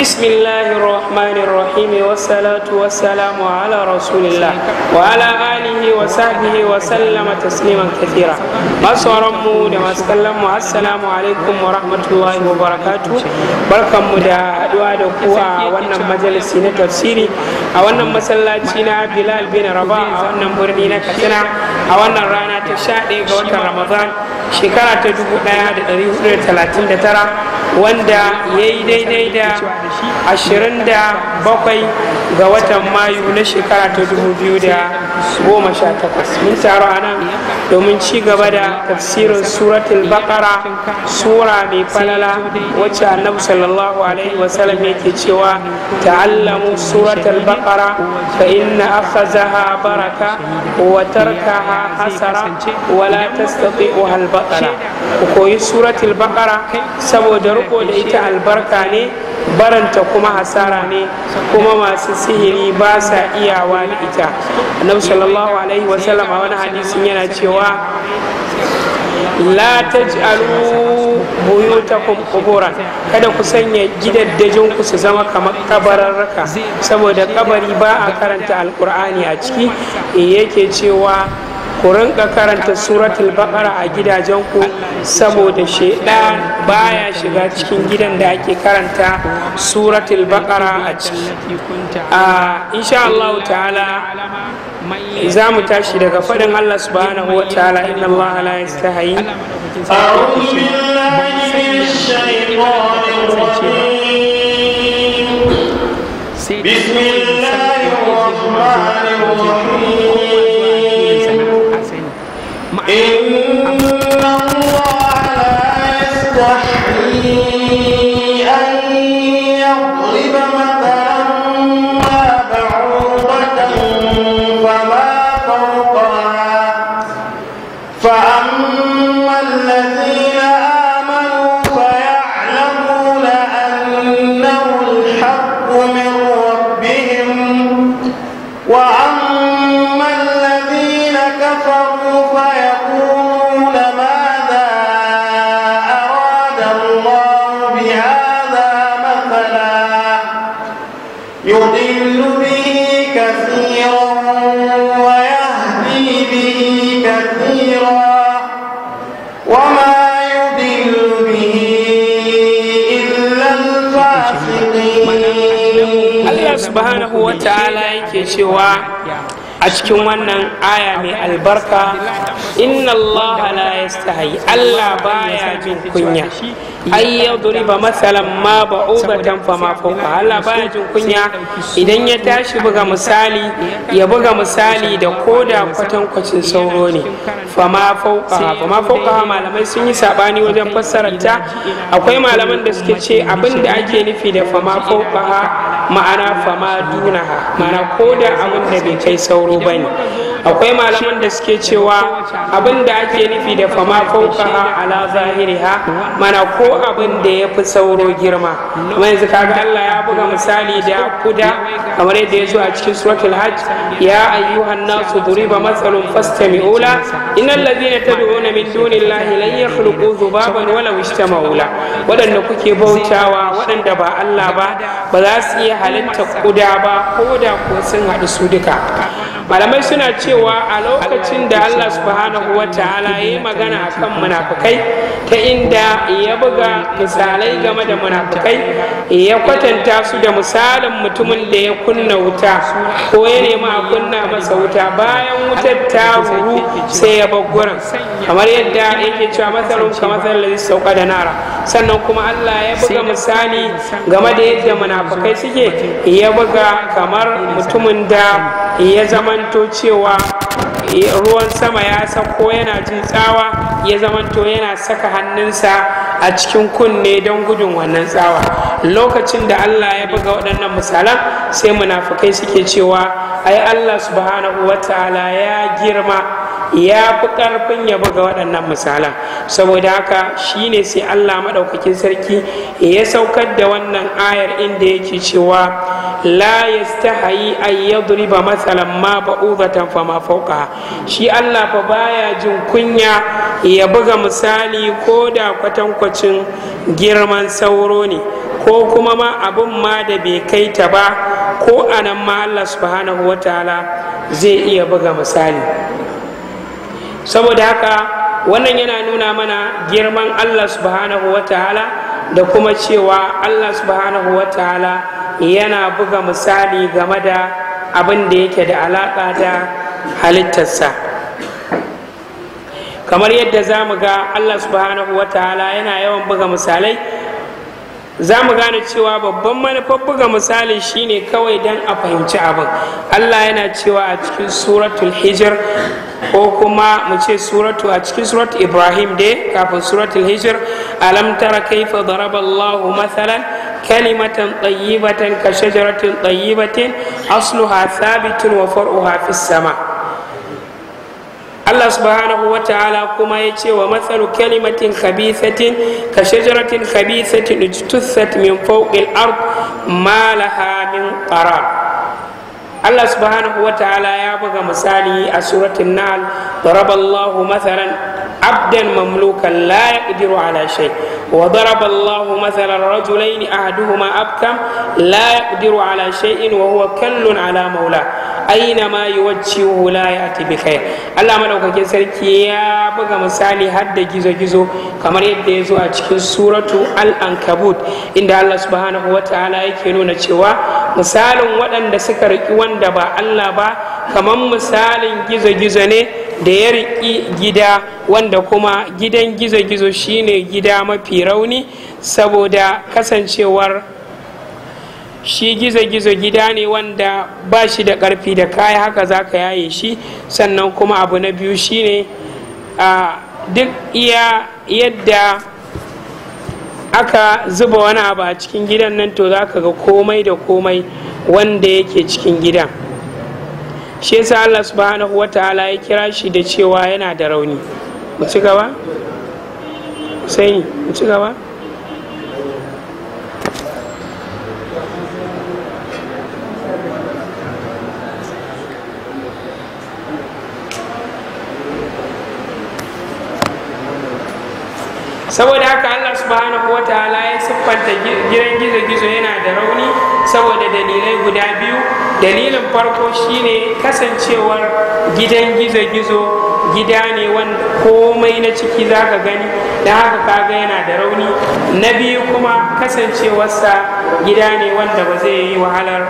بسم الله الرحمن الرحيم والصلاة والسلام على رسول الله وعلى آله وصحبه وسلم تسليما كثيرا ما ما دمسكلم السلام عليكم ورحمة الله وبركاته بركم مدى دعاء دقوة وانا مجلس نتفسيري وانا مسلاتنا بلال بن رباء وانا مرنينا كثيرا وانا رانا تشاهد قوات رمضان شكرا تدبو دا 39 وانا يدي دي دي da Ashirin da bakwai ga watan mayu na shekara ta goma sha takwas mun taro a nan domin ci gaba da tafsirin suratul bakara sura mai falala wacce annabi sallallahu alaihi wasallam yake cewa ta'allamu suratul bakara fa inna akhazaha baraka wa tarkaha hasara wa la tastati'uha al ku koyi suratul bakara saboda riko da ita albarka ne baranta kuma hasara ne kuma masu sihiri ba sa iyawa da ita annabi sallallahu alaihi wasallam a wani hadisin yana cewa la taj'alu buyutakum quburan kada ku sanya gidaddajin ku su zama kamar kabararraka saboda kabari ba a karanta alkur'ani a ciki eh, yake cewa ku rinka karanta suratul baqara a gidajenku saboda sheda baya shiga cikin gidan da ake karanta suratul baqara a ciki a insha Allah ta'ala za mu tashi daga faɗin Allah subhanahu wa ta'ala inna Allah la yastahi بسم الله الرحمن الرحيم এই wa yake cewa a cikin wannan aya mai albarka inna Allah la yastahi allah baya jin kunya ai ya masalan ma ba'ubatan fa ma fawqa allah baya jin kunya idan ya tashi buga misali ya buga misali da koda kwatan kwacin sauro ne fa ma fawqa fa fawqa malamai sun yi sabani wajen fassarar ta akwai malaman da suke ce abin da ake nufi da fa ma fawqa ma'ana fama dunaha ma'ana ko da abin da bai kai sauro ba ne akwai malaman da suke cewa abin da ake nufi da fama fauka ala zahiriha mana ko abin da ya fi sauro girma kuma yanzu kaga Allah ya buga misali da kuda kamar yadda ya zo a cikin suratul hajj ya ayyuhan nasu duriba matsalun fastami'u la innal ladina tad'una min dunillahi lan yakhluqu dhubaban wala ijtama'u la wadanda kuke bautawa waɗanda ba Allah ba ba za su iya halitta kuda ba ko da ko sun haɗu su duka malamai suna cewa a lokacin da allah subhanahu wa ta'ala ya yi magana a kan munafukai ta inda ya buga misalai game da munafukai ya kwatanta su da misalin mutumin da ya kunna wuta ko ya nema a kunna masa wuta bayan wutar ta ruru sai ya bar gurin kamar yadda yake cewa matsalin ka matsalin sauka da nara sannan kuma allah ya buga misali game da yadda munafukai suke ya buga kamar mutumin da ya zama zamanto cewa ruwan sama ya sako yana jin tsawa ya zamanto yana saka hannunsa a cikin kunne don gudun wannan tsawa lokacin da allah ya buga waɗannan misalan sai munafukai suke cewa ai allah subhanahu wa ta'ala ya girma ya fi ƙarfin ya buga waɗannan misalan saboda haka shi ne sai allah maɗaukakin sarki ya saukar da wannan ayar inda yake cewa la yastahayi an yadriba matsalan ma ba'udatan fama fauka shi allah fa baya jin kunya ya buga misali ko da kwatankwacin girman sauro ne ko kuma ma abin ma da bai kai ta ba ko anan ma allah subhanahu wa ta'ala zai iya buga misali saboda haka wannan yana nuna mana girman allah subhanahu wa ta'ala da kuma cewa allah subhanahu wa ta'ala yana buga misali game da abin da yake da alaƙa da halittarsa kamar yadda za mu ga allah subhanahu wa ta'ala yana yawan buga misalai za mu gane cewa babban manufar buga misali shine kawai don a fahimci abin allah yana cewa a cikin suratul hijir ko kuma mu ce suratu a cikin suratu ibrahim dai kafin suratul hijir alam tara kaifa daraba allahu kalimatan tayyibatan ka shajaratin tayyibatin asluha thabitun wa far'uha fis sama' Allah subhanahu wa ta'ala kuma ya ce wa matsalu kalimatin khabithatin ka shajaratin khabithatin ijtussat min fawqil ard ma laha min qarar Allah subhanahu wa ta'ala ya buga misali a suratul nahl daraballahu mathalan عبدا مملوكا لا يقدر على شيء وضرب الله مثلا رجلين احدهما ابكم لا يقدر على شيء وهو كل على مولاه aina ma ciwo hula ya bi kai Allah madaukakin sarki ya buga misali har da gizo-gizo kamar yadda ya zo a cikin suratu al inda Allah subhanahu wataala yake nuna cewa misalin waɗanda suka riƙi wanda ba Allah ba kamar misalin gizo-gizo ne da ya riƙi gida wanda kuma gidan gizo-gizo shine gida mafi rauni saboda kasancewar shi gizo-gizo gida ne wanda ba shi da ƙarfi da kaya haka za ka yaye shi sannan kuma abu na biyu shine a duk iya yadda aka zuba wani abu a cikin gidan nan to za ka ga komai da komai wanda yake cikin gidan shi yasa allah subhanahu wa ta'ala ya kira shi da cewa yana da rauni ci gaba sai ci gaba saboda haka allah subhanahu wa ta'ala ya siffanta gidan gizo-gizo yana da rauni saboda dalilai guda biyu dalilin farko shine kasancewar gidan gizo-gizo gida ne wanda komai na ciki za ka gani da haka ka ga yana da rauni na biyu kuma kasancewarsa gida ne wanda ba zai yi wahalar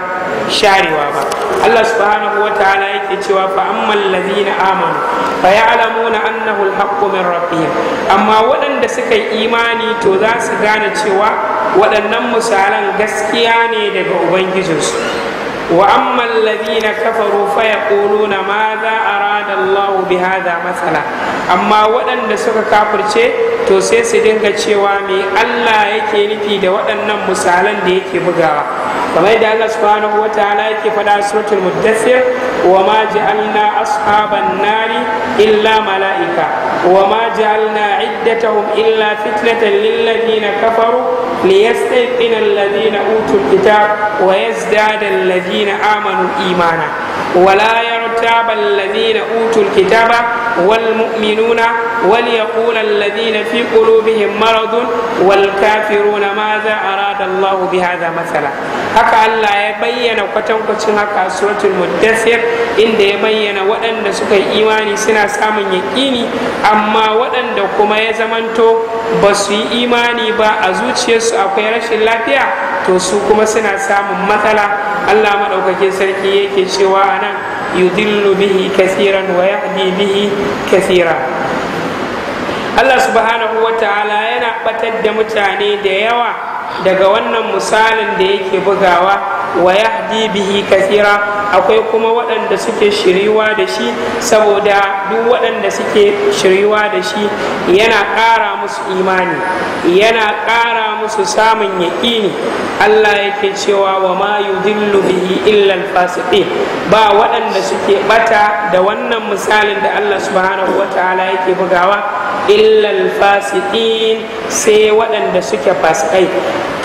sharewa ba Allah subhanahu wa ta'ala yake cewa fa ammal ladina amanu fa ya'lamuna annahu alhaqqu min rabbihim amma waɗanda suka yi imani to za su gane cewa waɗannan misalan gaskiya ne daga ubangijinsu na الذين كفروا فيقولون ماذا أراد الله biha da matsala. amma waɗanda suka kafurce to sai su dinga cewa me Allah yake nufi da waɗannan misalan da yake bugawa kamar da Allah subhanahu wataala yake faɗa suratul muddathir وما جعلنا أصحاب النار إلا ملائكة وما جعلنا عدتهم إلا فتنة للذين كفروا ليستيقن الذين أوتوا الكتاب ويزداد الذين آمنوا إيمانا ولا يرتاب الذين أوتوا الكتاب Wal wal والمؤمنون وليقول الذين في قلوبهم مرض والكافرون ماذا أراد الله بهذا matsala. haka Allah ya bayyana kwatankwacin haka suratul muddathir inda ya bayyana waɗanda suka yi imani suna samun yaƙini amma waɗanda kuma ya zamanto ba su yi imani ba a zuciyarsu akwai rashin lafiya to su kuma suna samun matsala Allah maɗaukakin sarki yake cewa a nan yudillu bihi kasiran wa yahdi bihi kasira Allah subhanahu wa ta'ala yana batar da mutane da yawa daga wannan misalin da yake bugawa wa yahdi bihi kasira akwai kuma waɗanda suke shiriwa da shi saboda duk waɗanda suke shiriwa da shi yana ƙara musu imani yana ƙara musu samun yaƙini Allah yake cewa wa ma yudillu bihi illa alfasiqin ba waɗanda suke ɓata da wannan misalin da Allah subhanahu wataala yake bugawa illa alfasiqin sai waɗanda suke fasikai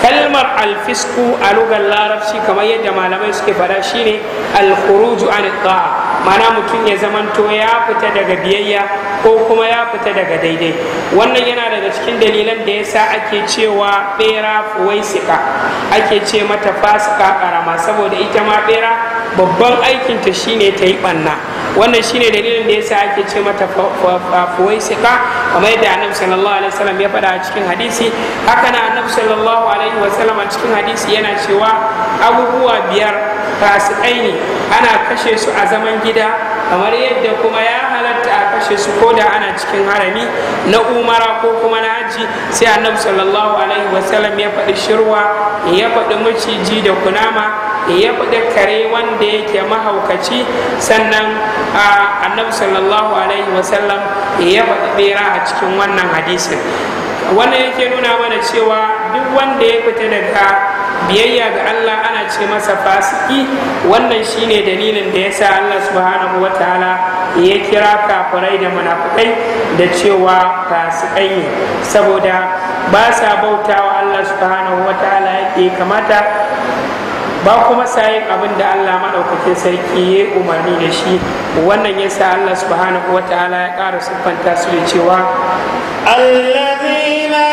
kalmar alfisku a lugar larabci kamar yadda malamai suke fada shine alkhuruju an ta'a mana mutum ya zamanto ya fita daga biyayya ko kuma ya fita daga daidai wannan yana daga cikin dalilan da yasa ake cewa bera sika ake ce mata fasika karama saboda ita ma bera babban aikinta shine ta yi banna wannan shine dalilin da yasa ake ce mata sika kamar yadda annabi sallallahu alaihi wasallam ya faɗa a cikin hadisi haka na annabi sallallahu alaihi wasallam a cikin hadisi yana cewa abubuwa biyar fasikai ne ana kashe su a zaman gida kamar yadda kuma ya halatta a kashe su ko da ana cikin harami na umara ko kuma na haji sai annabi sallallahu alaihi wasallam ya faɗi shirwa ya faɗi maciji da kunama ya faɗi kare wanda yake mahaukaci sannan annabi sallallahu alaihi wasallam ya faɗi bera a cikin wannan hadisin wannan yake nuna mana cewa duk wanda ya fita daga biyayya ga Allah ana ce masa fasiki wannan shine dalilin da yasa Allah subhanahu wataala ya kira kafirai da munafukai da cewa fasikai ne saboda ba sa bautawa Allah subhanahu wataala yake kamata ba kuma sayin abin da Allah maɗaukakin sarki ya umarni da shi wannan ya sa Allah subhanahu wataala ya ƙara siffanta su da cewa allazina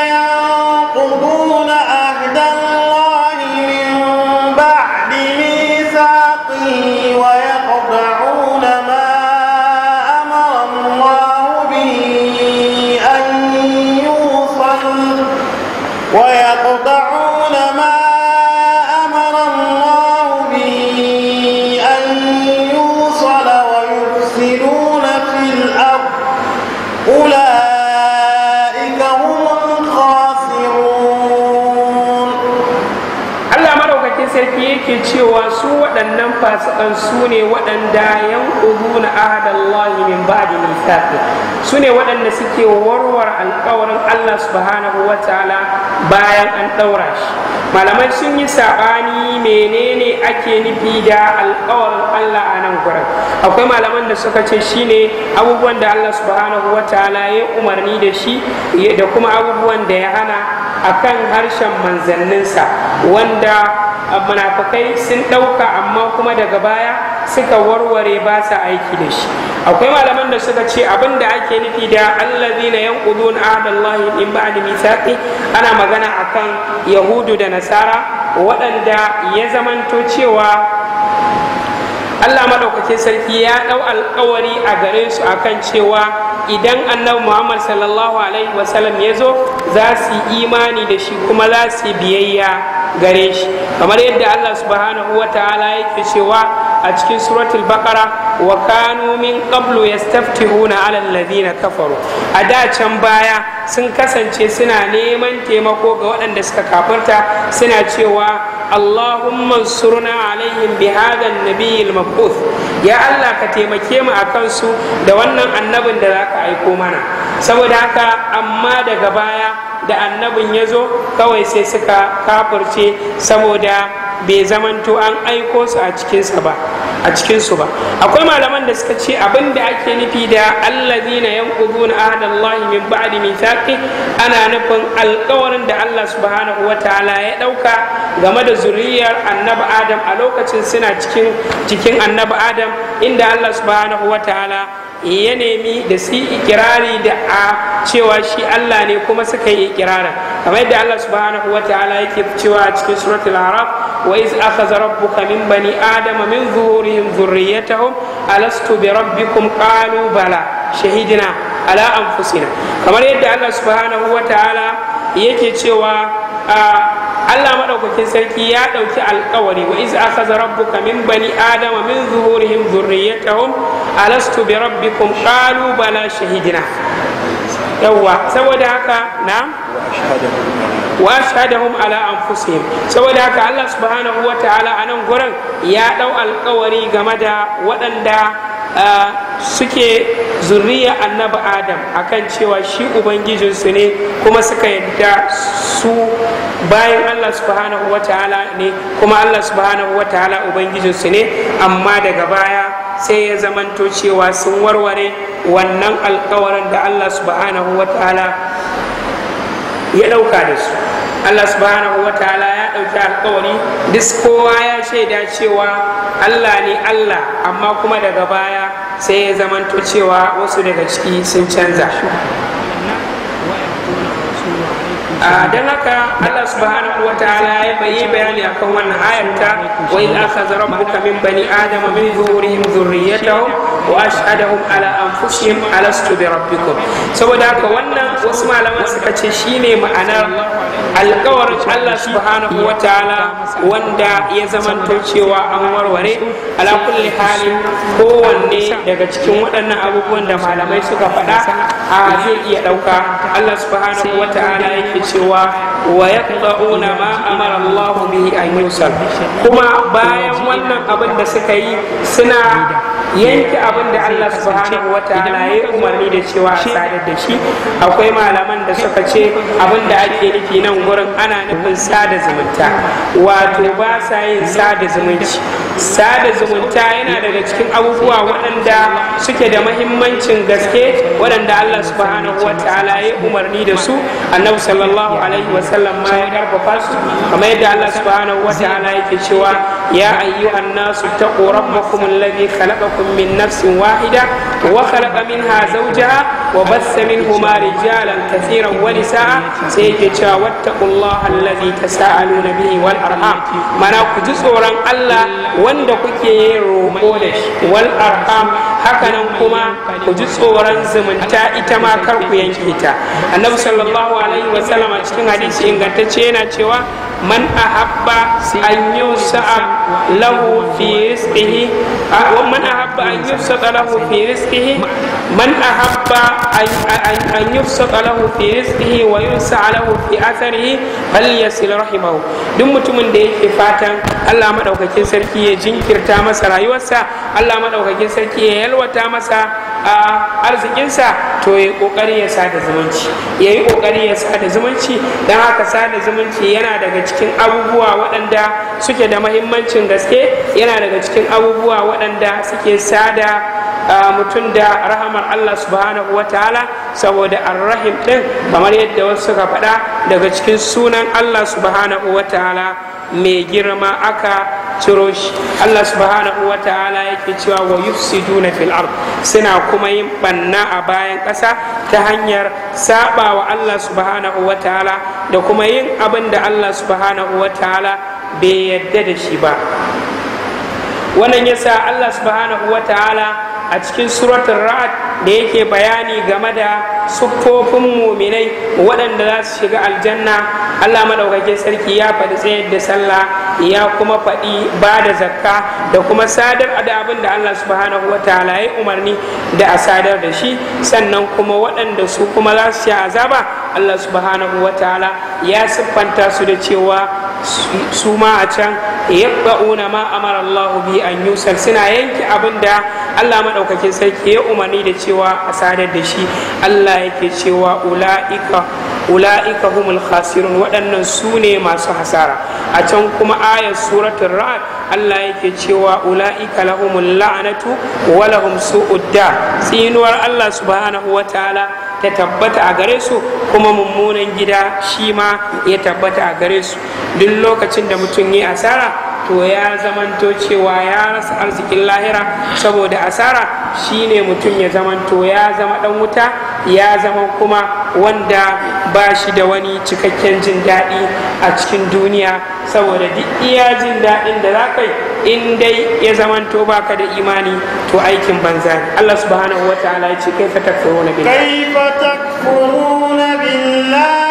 fasikan su ne waɗanda yan na ahadallahi min ba'di mithaqi su ne waɗanda suke warwar alƙawarin Allah subhanahu wa ta'ala bayan an ɗaura shi malamai sun yi saɓani menene ake nufi da alƙawarin Allah a nan gurin akwai malaman da suka ce shine abubuwan da Allah subhanahu wa ta'ala ya umarni da shi da kuma abubuwan da ya hana akan harshen manzanninsa wanda munafukai sun ɗauka amma kuma daga baya suka warware ba sa aiki da shi akwai malaman da suka ce abin da ake nufi da yan allazina yanqudun in ba da mithaqi ana magana akan yahudu da nasara waɗanda ya zamanto cewa Allah maɗaukakin sarki ya ɗau alkawari a gare su akan cewa idan annabi Muhammad sallallahu alaihi wasallam ya zo za su imani da shi kuma za su biyayya gare shi kamar yadda Allah subhanahu wa ta'ala yake cewa a cikin suratul baqara wa kanu min qablu yastaftihuna 'ala alladhina kafaru a da can baya sun kasance suna neman taimako ga waɗanda suka kafarta suna cewa Allahumma surna alaihim bi hadha an-nabiyil mab'uth ya Allah ka taimake mu a kansu da wannan annabin da za ka aiko mana saboda haka amma daga baya da annabin ya zo kawai sai suka kafurce saboda bai zamanto an aiko su a ba cikinsu ba akwai malaman da suka ce abin da ake nufi da allazina yanquduna ahdallahi min ba'di mithaqi ana nufin alƙawarin da Allah subhanahu wataala ya dauka game da zuriyar annabi Adam a lokacin suna cikin cikin annabi Adam inda Allah subhanahu wataala Eh, ya nemi da su ikirari da a cewa shi Allah ne kuma suka yi ikirarin kamar yadda Allah subhanahu wa ta'ala yake cewa a cikin suratul araf wa iz akhadha rabbuka min bani adama min zuhurihim dhurriyyatahum alastu bi rabbikum qalu bala shahidina ala anfusina kamar yadda Allah subhanahu wa ta'ala yake cewa a Allah madaukakin sarki ya dauki alkawari wa iz akhadha rabbuka min bani adama min zuhurihim dhurriyyatahum alastu bi rabbikum qalu bala shahidina yawwa saboda haka na wa ashhadahum ala anfusihim saboda haka Allah subhanahu wataala a nan gurin ya ɗau alƙawari game da waɗanda suke zuriya annabi adam akan cewa shi ubangijinsu ne kuma suka yadda su bayan allah subhanahu wa ta'ala ne kuma allah subhanahu wa ta'ala ubangijinsu ne amma daga baya sai ya zamanto cewa sun warware wannan alkawarin da allah subhanahu wa ta'ala ya ɗauka da su Allah subhanahu wa ta'ala ya ɗauki alkawari duk kowa ya shaida cewa Allah ne Allah amma kuma daga baya sai ya zamanto cewa wasu daga ciki sun canza a don haka Allah subhanahu wa ta'ala ya bayi bayani akan wannan ayanta wa in akhadha kamin min bani adama min zuhurihim dhurriyyatahum wa ashhadahum ala anfusihim alastu bi rabbikum saboda haka wannan wasu malaman suka ce shine ma'anar alkawarin Allah subhanahu wataala wanda ya zamanto cewa an warware ala kulli kowanne daga cikin waɗannan abubuwan da malamai suka faɗa a zai iya ɗauka Allah subhanahu wataala ya yake cewa wa yaqta'una ma amara Allah bihi an yusal kuma bayan wannan abin da suka yi suna yanke abin da Allah subhanahu wataala ya umarni da cewa sadar da shi akwai malaman da suka ce abin da ake nufi nan gurin ana nufin sada zumunta wato ba sa yin sada zumunci sada zumunta yana daga cikin abubuwa waɗanda suke da mahimmancin gaske waɗanda Allah subhanahu wataala ya umarni da su annabi sallallahu alaihi sallam ma ya karfafa su kamar yadda Allah subhanahu wataala yake cewa يا أيها الناس اتقوا ربكم الذي خلقكم من نفس واحدة وخلق منها زوجها وبث منهما رجالا كثيرا ونساء سيجتا واتقوا الله الذي تساءلون به والأرحام منا كجسورا الله وند كي روكولش والأرحام hakanan kuma ku ji tsoron zumunta ita ma kar ku yanke ta annabi sallallahu alaihi wasallama cikin hadisi ingantacce yana cewa من أحب أن يوسع له في رزقه ومن أحب أن يبسط له في رزقه من أحب أن أن يبسط له duk mutumin da yake fatan Allah madaukakin sarki ya jinkirta masa rayuwarsa Allah madaukakin sarki ya yalwata masa a arzikinsa to ya kokari ya sada zumunci ya yi kokari ya sada zumunci don haka sada zumunci yana daga cikin abubuwa waɗanda suke da mahimmancin gaske yana daga cikin abubuwa waɗanda suke sada mutum da rahamar Allah subhanahu wa ta'ala saboda arrahim ɗin kamar yadda wasu suka faɗa daga cikin sunan Allah subhanahu wa ta'ala mai girma aka ciro shi Allah subhanahu wa ta'ala yake cewa wa yufsiduna fil ard suna kuma yin banna a bayan ƙasa ta hanyar saba wa Allah subhanahu wa ta'ala da kuma yin abin da Allah subhanahu wa ta'ala bai yadda da shi ba wannan yasa Allah subhanahu wa ta'ala a cikin suratul ra'd da yake bayani game da siffofin muminai waɗanda za su shiga aljanna allah maɗaukakin sarki ya faɗi tsayar da sallah ya kuma faɗi ba da zakka da kuma sadar da abin da allah subhanahu wa ta'ala ya umarni da a sadar da shi sannan kuma waɗanda su kuma za su sha azaba allah subhanahu wa ta'ala ya siffanta su da cewa su ma a can yabba'una ma amara allahu bi an yusal suna yanke abin da allah maɗaukakin sarki ya umarni da cewa cewa a sadar da shi Allah yake cewa ula'ika ula'ika humul khasirun waɗannan su ne masu hasara a can kuma ayar suratun ra'd Allah yake cewa ula'ika lahumul la'anatu wa lahum su'udda tsinuwar Allah subhanahu ta'ala ta tabbata a gare su kuma mummunan gida shi ma ya tabbata a gare su duk lokacin da mutum yi asara to ya zamanto cewa ya rasa arzikin lahira saboda asara shine mutum ya zamanto ya zama dan wuta ya zama kuma wanda ba shi da wani cikakken jin daɗi a cikin duniya saboda duk iya jin daɗin da za kai in dai ya zamanto baka da imani to aikin banza Allah subhanahu wa ta'ala ya ce kai takfuruna billahi takfuruna billahi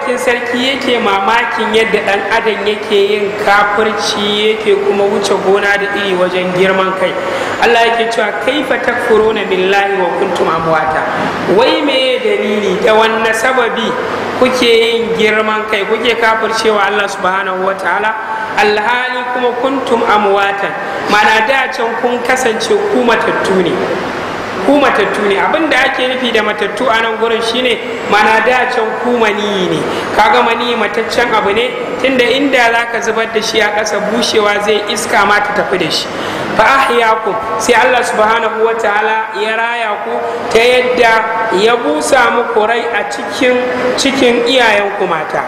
maɗaukakin sarki yake mamakin yadda ɗan adam yake yin kafirci yake kuma wuce gona da iri wajen girman kai allah yake cewa kaifa takfuruna billahi wa kuntum amwata wai me dalili da wannan sababi kuke yin girman kai kuke kafircewa allah subhanahu wa ta'ala alhali kuma kuntum amwata mana da can kun kasance ku matattu ne ku matattu ne abin da ake nufi da matattu a nan gurin shine mana da can ku maniyi ne kaga mani mataccen abu ne tunda inda za ka zubar da shi a ƙasa bushewa zai iska ma ta tafi da shi fa ku sai Allah subhanahu wataala ya raya ku ta yadda ya busa muku rai a cikin cikin ku mata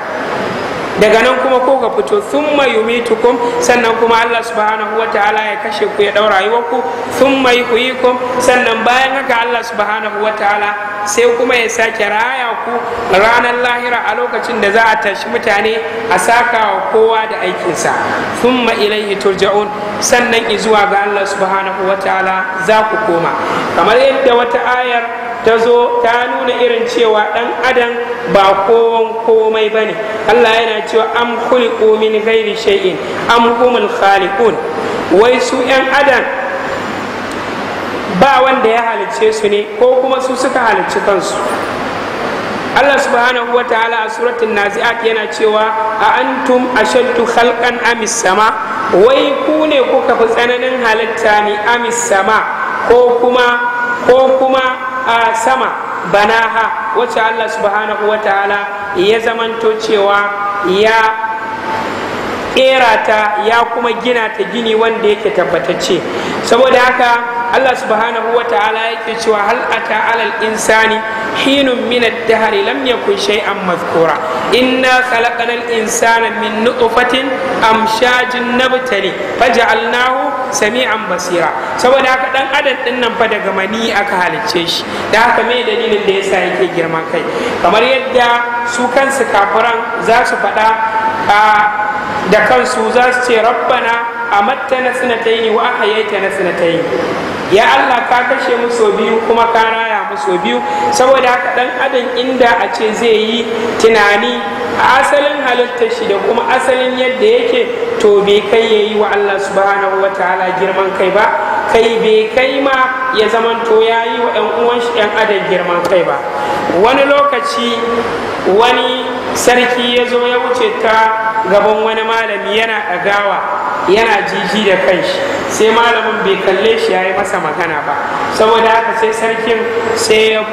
daga nan kuma ko ka fito thumma yumitukum sannan kuma Allah subhanahu wa ta'ala ya kashe ku ya daura rayuwarku thumma yuhyikum sannan bayan haka Allah subhanahu wa ta'ala sai kuma ya sake raya ku ranar lahira a lokacin da za a tashi mutane a saka wa kowa da aikinsa Sun thumma ilaihi turja'un sannan izuwa ga Allah subhanahu wa ta'ala za ku koma kamar yadda wata ayar ta zo ta nuna irin cewa ɗan adam ba kowan komai ba ne allah yana cewa an kuli min gairi shay'in an humul khaliqun wai su 'yan adam ba wanda ya halicce su ne ko kuma su suka halicci kansu Allah subhanahu wa ta'ala a suratun nazi'at yana cewa a antum ashaddu khalqan amis sama wai ku ne kuka fi tsananin halitta ne amis sama ko kuma ko kuma a sama banaha wacce Allah subhanahu wa ta'ala ya zamanto cewa ya ƙera ta ya kuma gina ta gini wanda yake tabbatacce saboda haka Allah subhanahu wa ta'ala yake cewa hal ata alal insani hinun min ad-dahri lam yakun shay'an madhkura inna khalaqnal insana min nutfatin amshajin nabtali faj'alnahu sami'an basira saboda haka dan adam din nan fa daga mani aka halicce shi da haka me dalilin da yasa yake girma kai kamar yadda su kansu kafiran za su faɗa da kansu za su ce rabbana amatta na sinataini wa aka yaita na sinataini ya Allah ka kashe mu sau biyu kuma ka raya mu sau biyu saboda haka dan adam inda a ce zai yi tunani a asalin halitta shi da kuma asalin yadda yake to bai kai ya yi wa Allah subhanahu wa ta'ala girman kai ba kai bai kai ma ya zamanto ya yi wa 'yan uwan shi 'yan adam girman kai ba wani lokaci wani sarki ya zo ya wuce ta gaban wani malami yana ɗagawa yana jiji da kanshi sai malamin bai kalle shi ya yi masa magana ba saboda haka sai sarkin sai ya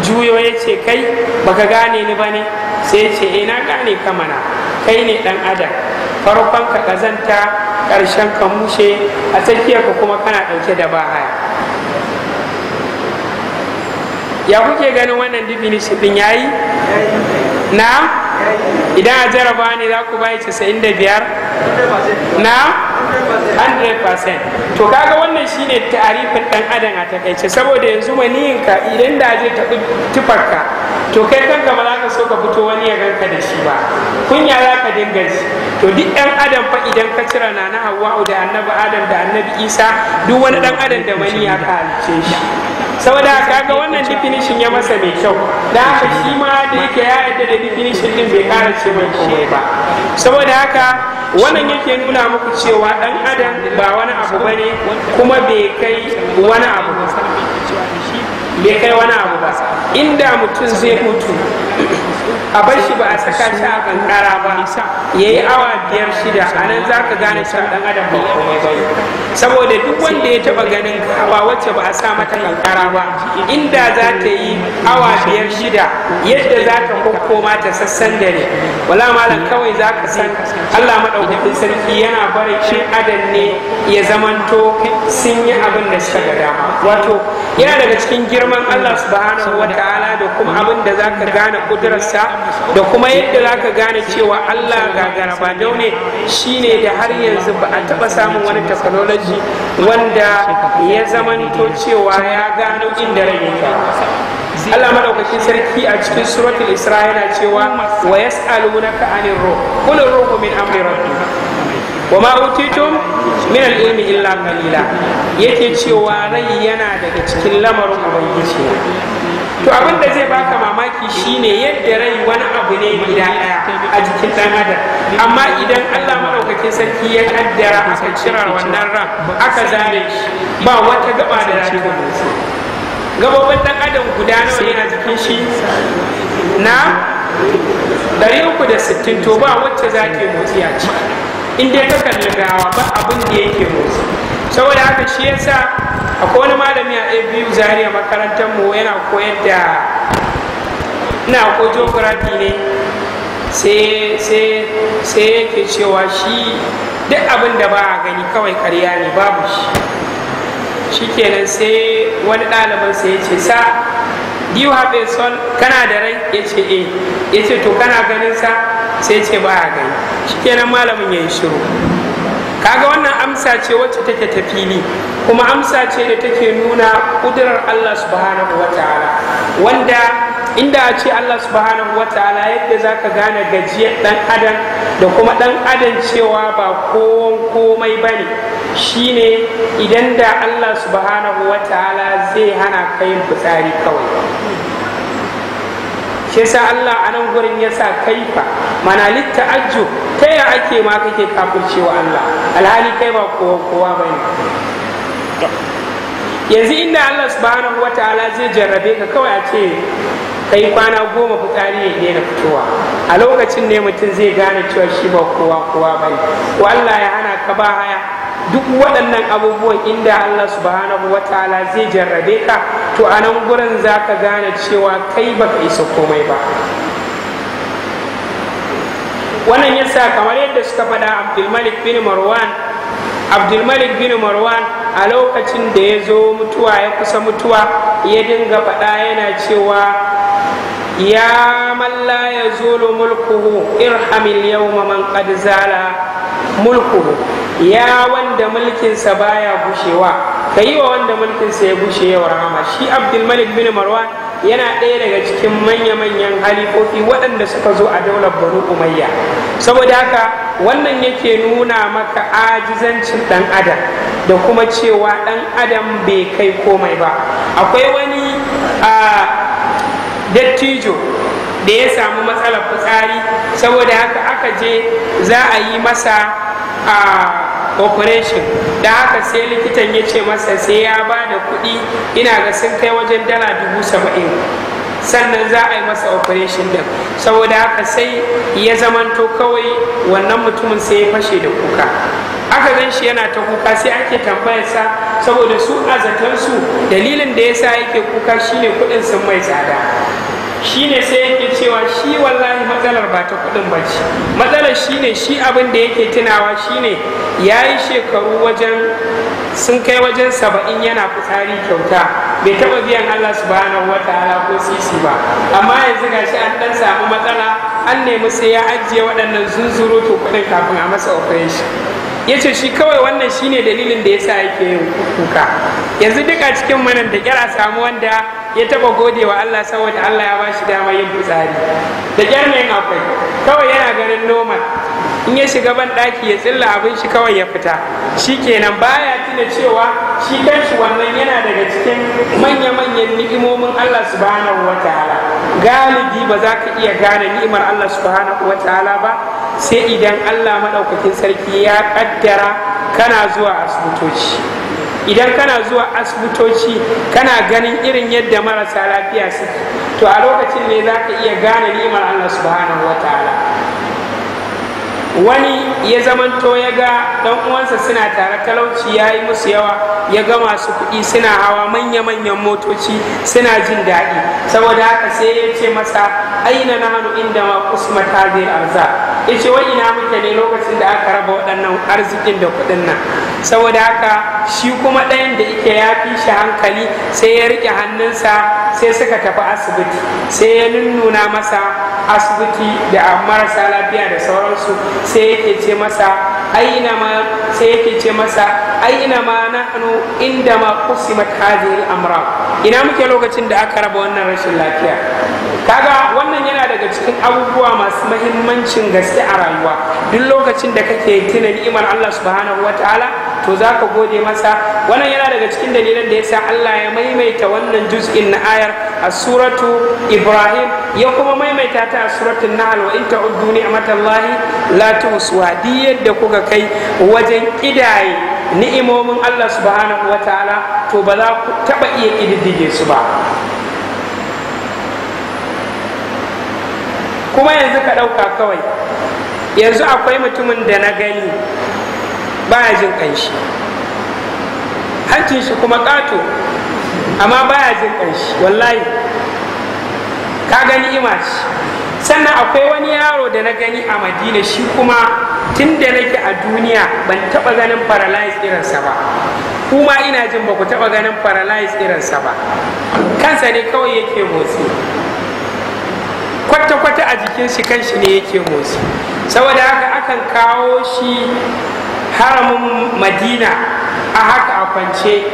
juyo ya ce kai baka gane ni ba ne sai ya ce ina eh, gane ka mana kai ne ɗan adam farkon ka ƙazanta ƙarshen ka mushe a tsakiyar ka kuma kana ɗauke da bahaya ya kuke ganin wannan definition ɗin yayi Na? idan a jaraba ne za ku bayi 95 na 100% to kaga wannan shine tarifin dan adam a takaice saboda yanzu maniyinka idan da zai taɓi tufarka to kai kanka ba za ka so ka fito wani ya ganka da shi ba kunya za ka dinga shi. to duk ɗan adam fa idan ka cira na na hawa'u da annabi adam da annabi isa duk wani ɗan adam da mani ya ka shi saboda ga wannan definition ya masa mai kyau da haka shi ma da yake ya yadda da definition din bai kara ce mai komai ba saboda haka wannan yake nuna muku cewa dan adam ba wani abu bane kuma bai kai wani abu bai kai wani abu ba inda mutum zai mutu a bar shi ba a saka shi a kankara ba ya yi awa biyar shida a nan za ka gane cewa dan adam ba saboda duk wanda ya taɓa ganin kawa wacce ba a sa mata kankara ba inda za ta yi awa biyar shida yadda za ta kokoma ta sassan dare wala malam kawai za ka san allah maɗaukakin sarki yana barin shi adam ne ya zamanto sun yi abin da suka ga dama wato yana daga cikin girman allah subhanahu wa ta'ala da kuma abin da za ka gane ƙudurarsa da kuma yadda za ka gane cewa allah gagara ba ne shine da har yanzu ba a taɓa samun wani technology wanda ya zamanto cewa ya gano inda rage Allah maɗaukacin sarki a cikin suratul Isra yana cewa wa yas'alunaka anir ruh qul ruhu min amri rabbi wa ma utitum min al-ilmi illa qalila yake cewa rai yana daga cikin lamarin ubangiji to abin da zai baka mamaki shine yadda rai wani abu ne gida daya a jikin dan adam amma idan Allah madaukakin sarki ya kaddara aka cira wannan ran aka zare shi ba wata gaba da zai gabobin dan adam guda nawa ne a jikin shi na 360 to ba wacce zake motsi a ciki in dai ka kalli gawa ba abin da yake motsi saboda haka shi yasa akwai wani malami a abu a makarantar mu yana koyar da na ko geography ne sai yake cewa shi duk abin da ba a gani kawai karya ne babu shi shikenan sai wani ɗalibansa ya ce sa you have a son kana da rai ya ce eh ya ce to kana ganin sa sai ce ba a gani kenan malamin ya yi shiru kaga wannan amsa ce wacce take ta fili kuma amsa ce da take nuna kudurar Allah subhanahu wa ta'ala wanda inda a ce Allah subhanahu wa ta'ala yadda za ka gane gajiyar dan adam da kuma dan adam cewa ba kowon komai ba ne shine idan da Allah subhanahu wa ta'ala zai hana ka fitsari kawai shi sa Allah a nan gurin ya sa kaifa mana litta ajju ta ya ake ma kake kafircewa Allah alhali kai ba kowa kowa ba ne yanzu inda Allah subhanahu wa ta'ala zai jarrabe ka kawai a ce kai kwana goma fitsari ya daina fitowa a lokacin ne mutum zai gane cewa shi ba kowa kowa ba ne Allah ya hana ka ba haya duk waɗannan abubuwan inda Allah subhanahu wa ta'ala zai jarrabe ka to a nan gurin za ka gane cewa kai baka isa komai ba wannan yasa kamar yadda suka faɗa abdulmalik bin marwan abdulmalik bin marwan a lokacin da ya zo mutuwa ya kusa mutuwa ya dinga faɗa yana cewa ya malla ya zolo mulkuhu irhamil yawma man qad zala mulkuhu ya wanda mulkinsa baya gushewa ka yi wa wanda mulkinsa ya gushe yau rahama shi abdulmalik bin marwan yana ɗaya daga cikin manya-manyan halifofi waɗanda suka zo a daular baru umayya saboda haka wannan yake nuna maka ajizancin ɗan adam da kuma cewa ɗan adam bai kai komai ba akwai wani a dattijo da ya samu matsalar fitsari saboda haka aka je za a yi masa a operation da haka sai likitan ya ce masa sai ya ba da kuɗi ina ga sun kai wajen dala dubu saba'in sannan za a yi masa operation din saboda haka sai ya zamanto kawai wannan mutumin sai ya fashe da kuka aka gan shi yana ta kuka sai ake tambayarsa saboda su a dalilin da ya sa yake kuka shine kuɗin sun mai tsada shi ne sai yake cewa shi wallahi matsalar ba ta kudin ba ce matsalar shi ne shi abin da yake tunawa shi ne ya yi shekaru wajen sun kai wajen saba'in yana fitsari kyauta bai taba biyan allah su bayanar wata ala ko sisi ba amma yanzu gashi an dan samu matsala an nemi sai ya ajiye waɗannan to kuɗin kafin a masa operation ya ce shi kawai wannan shine dalilin da yasa yake yin kuka yanzu duka cikin manan da kyara samu wanda ya taba gode wa Allah saboda Allah ya bashi dama yin fitsari da kyarnin akwai kawai yana ganin noma in ya shiga ban daki ya tsilla abin shi kawai ya fita shi kenan baya tuna cewa shi kanshi wannan yana daga cikin manya-manyan ni'imomin Allah subhanahu wa galibi ba za ka iya gane ni'imar Allah subhanahu wa ba sai idan Allah maɗaukakin sarki ya ƙaddara kana zuwa asibitoci idan kana zuwa asibitoci kana ganin irin yadda marasa lafiya suke to a lokacin ne za ka iya gane ni'imar allah subhanahu wa ta'ala wani ya zamanto ya ga ɗan uwansa suna tare talauci ya yi musu yawa ya ga masu kuɗi suna hawa manya-manyan motoci suna jin daɗi saboda haka sai ya ce masa aina na hannu inda ma qismat ta al Ya ce, wai ina muke ne lokacin da aka raba waɗannan arzikin da kuɗin nan saboda haka shi kuma ɗayan da yake ya fi shi hankali sai ya riƙe hannunsa sai suka tafi asibiti sai ya nunnuna masa asibiti da marasa lafiya da sauransu sai yake ce masa aina ma sai yake ce masa aina ma nahnu inda ma qusimat hadhihi al-amra ina muke lokacin da aka raba wannan rashin lafiya kaga wannan yana daga cikin abubuwa masu mahimmancin gaske a rayuwa duk lokacin da kake tuna ni'imar Allah subhanahu wataala to za ka gode masa wannan yana daga cikin dalilan da ya sa Allah ya maimaita wannan juz'in na ayar a suratu Ibrahim ya kuma maimaita ta a suratun Nahl wa in ta'uddu ni'matallahi la tuhsuha yadda kuka kai wajen kidaye ni'imomin Allah subhanahu wa ta'ala to ba za ku taɓa iya ƙididdige su ba kuma yanzu ka ɗauka kawai yanzu akwai mutumin da na gani baya jin ƙanshi hancin shi kuma ƙato amma baya jin ƙanshi wallahi ka gani imaci sannan akwai wani yaro da na gani a madina shi kuma tun da nake a duniya ban taɓa ganin paralyze irinsa ba kuma ina jin ba ku taɓa ganin paralyze irinsa ba kansa ne kawai yake motsi kwata-kwata a jikin shi kanshi ne yake motsi saboda haka akan kawo shi haramin madina a haka a kwance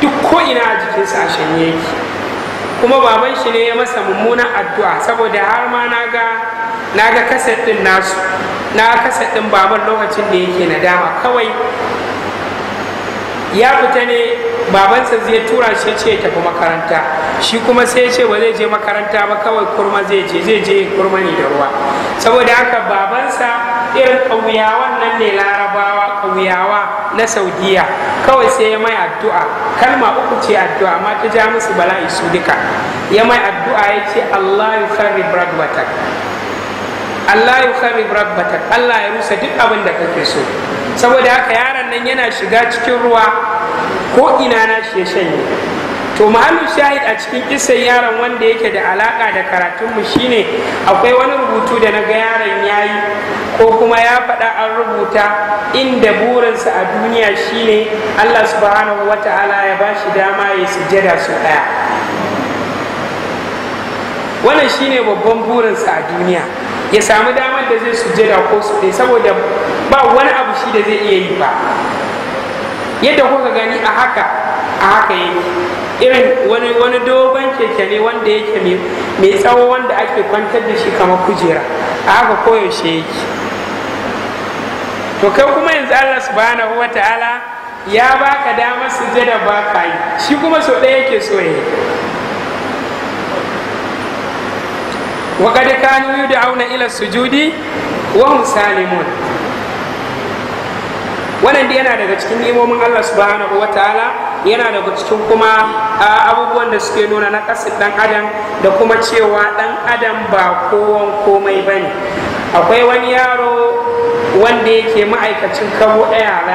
duk ko'ina a jikinsa a shanye yake kuma baban shi ne ya masa mummunan addu'a saboda har ma na ga na kaset ɗin nasu na kaset baban lokacin da yake nadama kawai ya fita ne babansa zai tura shi ce ya tafi makaranta shi kuma sai ce ba zai je makaranta ba kawai kurma zai je zai je kurma ne da ruwa saboda haka babansa irin ƙauyawan nan ne larabawa kauyawa na saudiya kawai sai ya mai addu'a kalma uku ce addu'a amma ta ja musu bala'i su duka ya mai addu'a ya ce allah yi fari bragbatak allah ya fari bragbatak allah ya rusa duk abin da kake so saboda haka yaron nan yana shiga cikin ruwa ko ina na shi ya shanye to Muhammadu shahid a cikin kisan yaron wanda yake da alaka da karatunmu shine akwai wani rubutu da na ga yaron ya yi ko kuma ya faɗa an rubuta inda burinsa a duniya shine allah subhanahu wa ta'ala ya ba shi dama ya sujjada su ɗaya wannan shine babban burinsa a duniya ya samu damar da zai sujjada ko su ɗaya saboda ba wani abu shi da zai iya yi ba yadda kuka gani a haka a haka yake irin wani wani dogon keke ne wanda yake mai tsawo wanda ake kwantar da shi kamar kujera a haka koyaushe yake to kai kuma yanzu Allah subhanahu wa ta'ala ya baka damar sujada da baka yi shi kuma sau ɗaya yake so ya yi. wa kad kanu auna ila sujudi wa musalimun wannan da yana daga cikin nemomin Allah subhanahu Ta'ala, yana daga cikin kuma abubuwan da suke nuna na kasin dan adam da kuma cewa dan adam ba kowan komai bane akwai wani yaro wanda yake ma'aikacin kabo ɗaya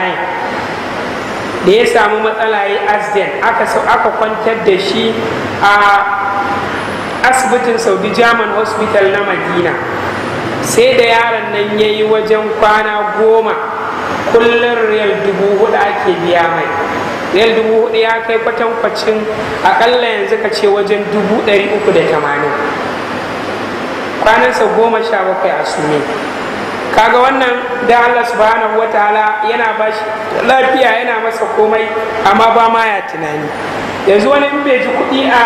da ya samu matsala yi asden aka aka kwantar da shi a asibitin saudi german hospital na madina sai da yaron nan ya yi wajen kwana goma kullum riyal dubu hudu ake biya mai riyal dubu hudu ya kai kwatan kwacin akalla yanzu ka ce wajen dubu ɗari uku da tamanin kwanansa goma sha bakwai a sume. kaga wannan da Allah subhanahu ta'ala yana bashi lafiya yana masa komai amma ba ma ya tunani yanzu wani in bai ji kuɗi a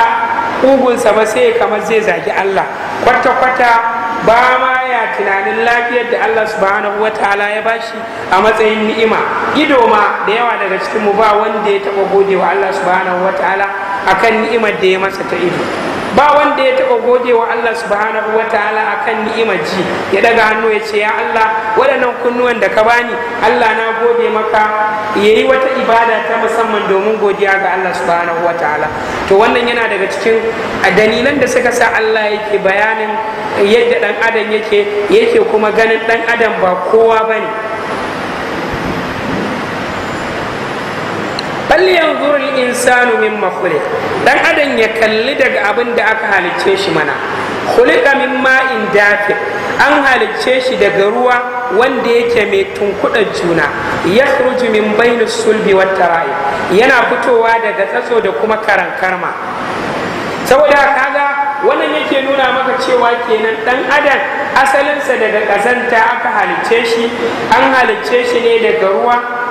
ugunsa ba sai kamar zai zagi Allah kwata-kwata ba ma ya tunanin lafiyar da Allah subhanahu wa ta'ala ya bashi a matsayin ni'ima ido ma da yawa daga cikin mu ba wanda ya taba gode wa Allah subhanahu wa ta'ala akan ni'imar da ya masa ta ido ba wanda ya taɓa gode wa Allah subhanahu wa ta'ala akan ni'imar ji ya daga hannu ya ce ya Allah waɗannan kunnuwan da ka bani Allah na gode maka ya yi wata ibada ta musamman domin godiya ga Allah subhanahu wa ta'ala to wannan yana daga cikin dalilan da suka sa Allah yake bayanin yadda ɗan adam yake yake kuma ganin ɗan adam ba kowa bane falyanzur insanu min mafule, dan adam ya kalli daga abin da aka halicce shi mana khuliqa min ma'in dafi an halicce shi daga ruwa wanda yake mai tunkuɗa juna ya khruju min bainu sulbi wata yana fitowa daga tsatso da kuma karan karma saboda kaga wannan yake nuna maka cewa kenan ɗan adam asalinsa daga ƙazanta aka halicce shi an halicce shi ne daga ruwa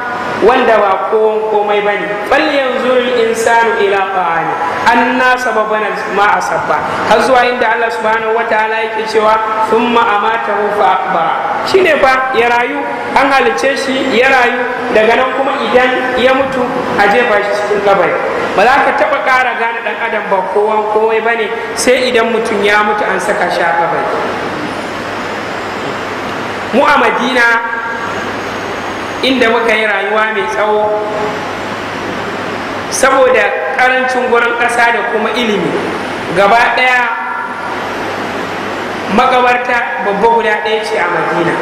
wanda ba kowan komai ba ne bal yanzu insanu ila ba anna sababana ma asabba har zuwa inda Allah subhanahu wataala yake cewa thumma amatahu fa akbara shine fa ya rayu an halice shi ya rayu daga nan kuma idan ya mutu a jefa shi cikin kabari ba za ka taɓa ƙara gane ɗan adam ba kowan komai ba ne sai idan mutum ya mutu an saka shi a mu a madina inda muka yi rayuwa mai tsawo saboda ƙarancin gurin ƙasa da kuma ilimi gaba ɗaya maƙabarta babba guda ɗaya ce a madina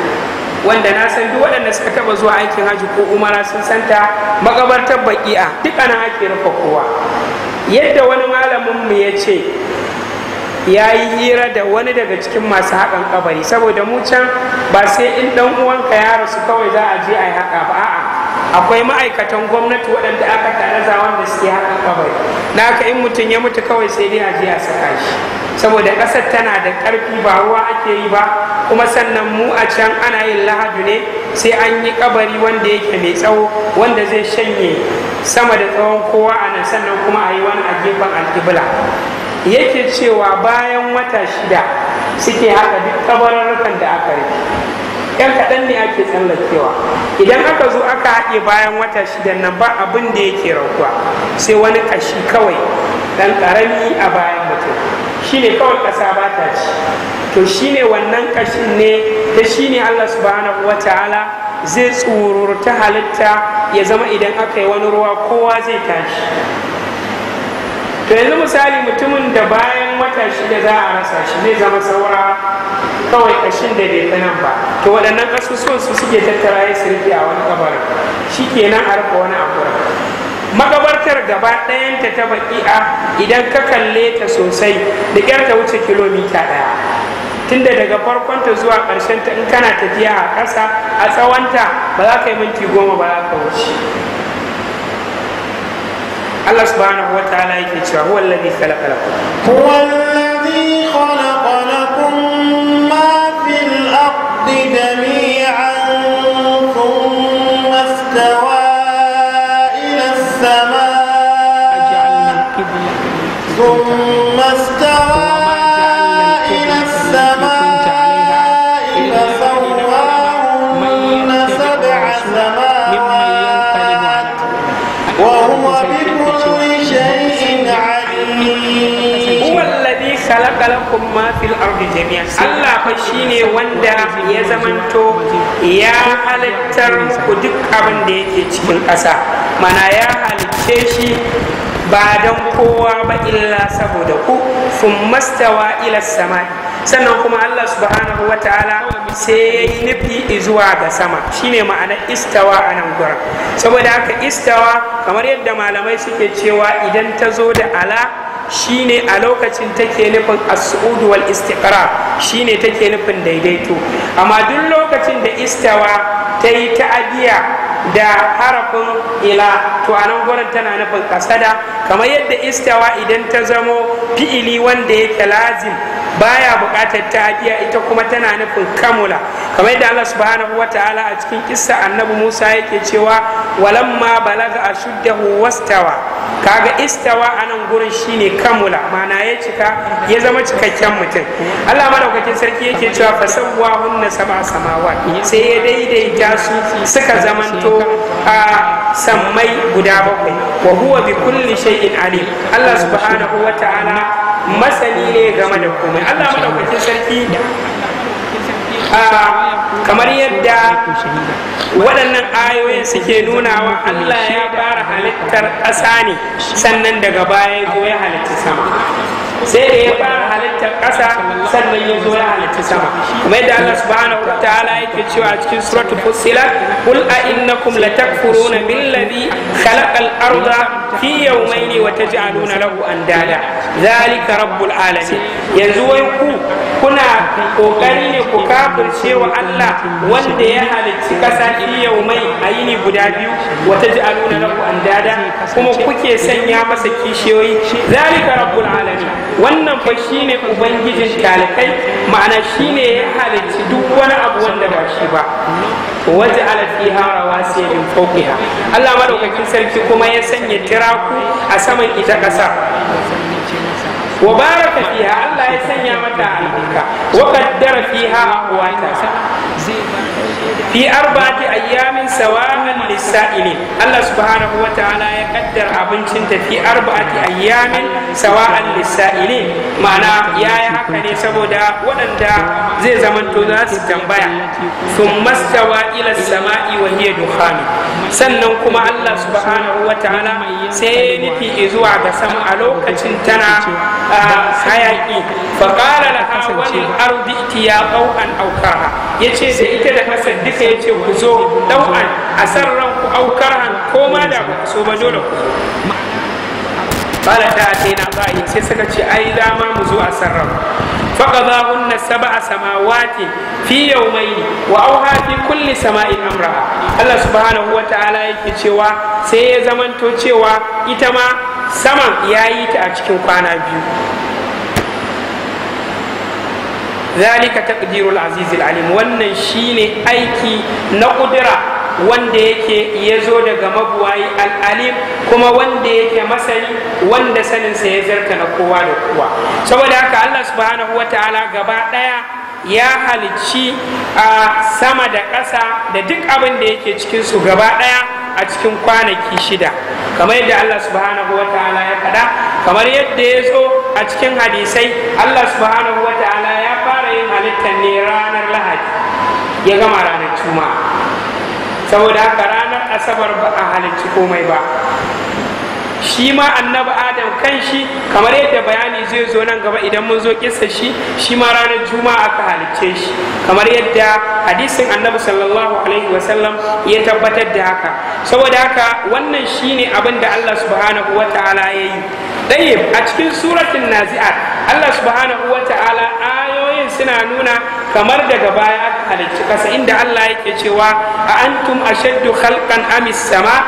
wanda na san duk waɗanda suka taɓa zuwa aikin hajji ko umara sun santa makabartar baki'a duk ana ake rufe kowa yadda wani malamin mu ya ce ya yi hira da wani daga cikin masu haƙan ƙabari, saboda mu can ba sai in ɗan uwanka ya rasu kawai za a je a yi haƙa ba a'a akwai ma'aikatan gwamnati waɗanda aka tare za wanda suke haƙan kabari na haka in mutum ya mutu kawai sai dai a je a saka shi saboda ƙasar tana da ƙarfi ba ruwa ake yi ba kuma sannan mu a can ana yin lahadu ne sai an yi ƙabari wanda yake mai tsawo wanda zai shanye sama da tsawon kowa a nan sannan kuma a yi wani a gefen alkibla yake cewa bayan wata shida suke haka duk kabararrukan da aka rufe yan kaɗan ne ake tsallakewa idan aka zo aka haɗe bayan wata shida nan ba abin da yake raukuwa sai wani ƙashi kawai ɗan ƙarami a bayan mutum shine kawai ƙasa ba ta ci to shine wannan ƙashin ne da ne allah subhanahu wa ta'ala zai tsururta halitta ya zama idan aka yi wani ruwa kowa zai tashi da yanzu misali mutumin da bayan wata shida za a rasa shi ne zama saura kawai kashin da bai nan ba to waɗannan ƙasusuwan su suke tattara ya sirki a wani kabarin shi kenan a rufe wani abu magabartar gaba ɗayanta ta a idan ka kalle ta sosai da ƙyar ta wuce kilomita ɗaya tunda daga farkonta zuwa ƙarshen ta in kana tafiya a ƙasa a tsawonta ba za ka yi minti goma ba za ka wuce الله سبحانه وتعالى يكتشف هو الذي خلق لكم هو الذي خلق لكم ما في الأرض جميعا ثم استوى إلى السماء ثم khalaqakum ma fil ardi jami'a Allah fa shine wanda ya zamanto ya halittar ku duk abin da yake cikin ƙasa mana ya halicce shi ba don kowa ba illa saboda ku sun mastawa ila sama sannan kuma Allah subhanahu wa sai ya yi nufi zuwa ga sama shine ma'ana istawa a nan gura saboda haka istawa kamar yadda malamai suke cewa idan ta zo da ala shine a lokacin take nufin as-su'ud wal shine take nufin daidaito amma duk lokacin da istawa ta yi ta'adiya da harafin ila to a nan gurin tana nufin kasada kamar yadda istawa idan ta zamo fi'ili wanda yake lazim baya buƙatar ta'adiya ita kuma tana nufin kamula kamar yadda Allah subhanahu wa ta'ala a cikin kissa annabi Musa yake cewa walamma balaga ashuddahu wastawa kaga istawa a nan gurin shine kamula mana ya cika ya zama cikakken mutum Allah madaukakin sarki yake cewa fasawwa hunna sama samawa sai ya daidaita su suka zamanto a sammai guda bakwai wa huwa bi kulli shay'in alim Allah subhanahu wa ta'ala masani ne game da komai Allah madaukakin sarki kamar yadda waɗannan ayoyin suke nuna wa Allah ya fara halittar ƙasa ne sannan daga baya ya zo ya halitta sama sai da ya fara halittar ƙasa sannan ya zo ya halitta sama kuma yadda Allah subhanahu wa ta'ala yake cewa cikin suratul fussilat qul a innakum latakfuruna billazi khalaqal arda fi yawmaini wa taj'aluna lahu andada zalika rabbul alamin yanzu wai ku kuna kokari ne ku kafirce wa Allah wanda ya halicci kasa fi yawmai ayini guda biyu Wata wa taj'aluna lahu andada kuma kuke sanya masa kishiyoyi zalika rabbul alamin wannan fa shine ubangijin talakai ma'ana shine ya halicci duk wani abu wanda ba shi ba waje ala fiha rawasiya min fawqiha Allah madaukakin sarki kuma ya sanya kira a saman ita kasa wa baraka fiha Allah ya sanya mata albarka wa qaddara fiha ahwata fi arba'ati ayamin sawaman lissa'ilin Allah subhanahu wa ta'ala ya kaddar abincin ta fi arba'ati ayyamin sawa'an lissa'ilin ma'ana yaya haka ne saboda waɗanda zai zamanto za su tambaya sun mastawa ila sama'i wa hiya dukhanu sannan kuma Allah subhanahu wa ta'ala sai nufi zuwa ga sama a lokacin tana hayaki faƙala laha wani ardi itiya ɗau'an aukaha da ita da ƙasar duka ya ce ku zo ɗau'an a sarra auren ku au karhan ko ma da ku so ba dole ku bala ta atina bai sai saka ce ai dama mu zo zuwa sarra faqadahunna sab'a samawati mai yawmayn wa auha fi kulli sama'in amra Allah subhanahu wa ya yake cewa sai ya zamanto cewa ita ma sama yayi ta a cikin kwana biyu zalika ذلك تقدير العزيز العليم وان aiki na نقدره wanda yake ya zo daga mabuwayi al'alim kuma wanda yake masani wanda saninsa ya zarta na kowa da kowa saboda haka allah subhanahu wa ta'ala gaba ɗaya ya halicci a sama da ƙasa da duk abin da yake cikinsu gaba ɗaya a cikin kwanaki shida kamar yadda allah subhanahu wa ta'ala ya faɗa kamar yadda ya zo a cikin hadisai allah subhanahu wa ta'ala ya fara yin halittar ne ranar lahadi ya gama ranar juma'a saboda haka ranar asabar ba a halarci komai ba shi ma annabi adam kan shi kamar yadda bayani zai zo nan gaba idan mun zo kisa shi shi ma ranar juma'a aka halicce shi kamar yadda hadisin annabi sallallahu alaihi wasallam ya tabbatar da haka saboda haka wannan shine abin da allah subhanahu wa ta'ala ya yi ɗaya a cikin suratin Nazi'ar allah subhanahu wa ta'ala ayoyin suna nuna kamar daga baya aka halicci ƙasa inda Allah yake cewa a antum ashaddu khalqan amis sama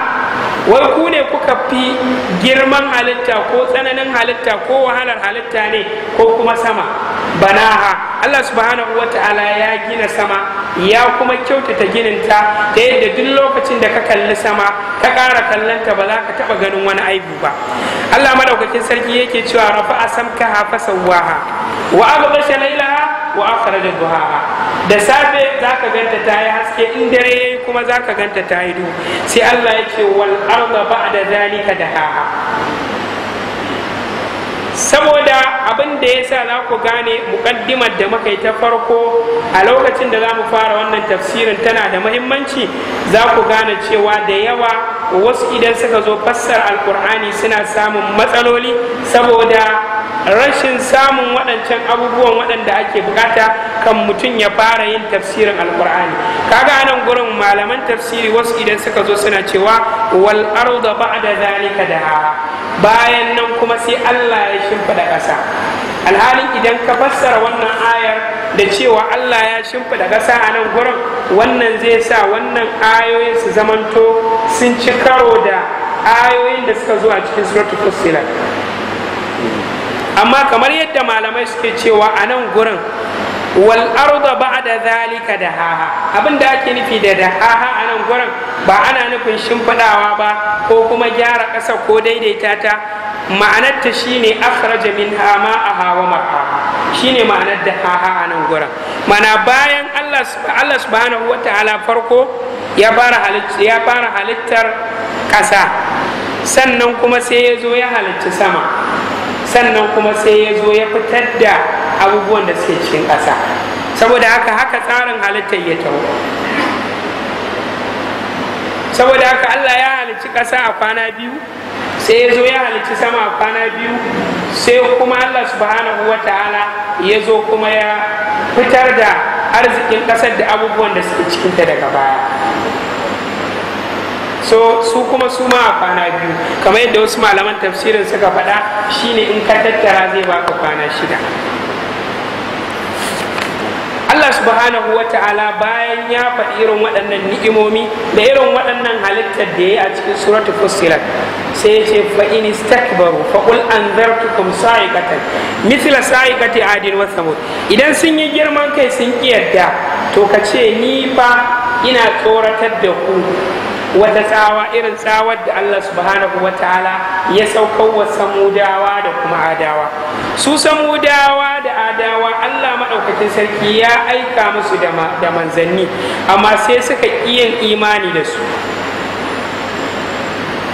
wai ku ne kuka fi girman halitta ko tsananin halitta ko wahalar halitta ne ko kuma sama banaha Allah subhanahu wata'ala ya gina sama ya kuma kyautata ginin ta ta yadda duk lokacin da ka kalli sama ka ƙara kallonta ba za ka taɓa ganin wani aibu ba Allah madaukakin sarki yake cewa rafa'a samka hafa sawwaha wa aghbasha shalailaha wa da duhaha da safe zaka ganta ta yi haske in dare yayi kuma zaka ganta ta yi duhu sai Allah ya ce wal arda ba'da zalika dahaha saboda abin da ya sa za ku gane mukaddimar da muka yi ta farko a lokacin da za mu fara wannan tafsirin tana da mahimmanci za ku gane cewa da yawa wasu idan suka zo fassar alkur'ani suna samun matsaloli saboda rashin samun waɗancan abubuwan waɗanda ake bukata kan mutum ya fara yin tafsirin alkur'ani kaga anan gurin malaman tafsiri wasu idan suka zo suna cewa wal arda da zalika da bayan nan kuma sai Allah ya shimfiɗa ƙasa alhalin idan ka fassara wannan ayar da cewa Allah ya shimfiɗa ƙasa a nan gurin wannan zai sa wannan ayoyin su zamanto sun ci karo da ayoyin da suka zo a cikin suratul fussilat amma kamar yadda malamai suke cewa a nan gurin wal arda ba'da zalika haha. abin da ake nufi da dahaha a nan gurin ba ana nufin shimfiɗawa ba ko kuma gyara ƙasa ko daidaita ta ma'anar ta shine akhraja hama ma'aha wa mar'aha shine ma'anar dahaha a nan gurin mana bayan Allah Allah subhanahu wataala farko ya fara halitta ya fara halittar ƙasa sannan kuma sai ya zo ya halitta sama sannan kuma sai ya zo ya fitar da abubuwan da suke cikin ƙasa saboda haka haka tsarin halittar ya taho saboda haka allah ya halicci ƙasa a kwana biyu sai ya zo ya halicci sama a kwana biyu sai kuma allah subhanahu wa ta'ala ya zo kuma ya fitar da arzikin ƙasar da abubuwan da suke cikinta daga baya so su kuma su ma a kwana biyu kamar yadda wasu malaman tafsirin suka faɗa shine in ka tattara zai baka kwana shida Allah subhanahu wa ta'ala bayan ya faɗi irin waɗannan ni'imomi da irin waɗannan halittar da ya yi a cikin suratul fussilat sai ya ce fa in istakbaru fa qul anzartukum sa'iqatan mithla sa'iqati adin wa samud idan sun yi girman kai sun ki yadda to ka ce ni fa ina tsoratar da ku wata tsawa irin tsawar da Allah subhanahu wa ta'ala ya saukar wa samudawa da kuma adawa su samudawa da adawa Allah maɗaukakin sarki ya aika musu da manzanni amma sai suka iya imani da su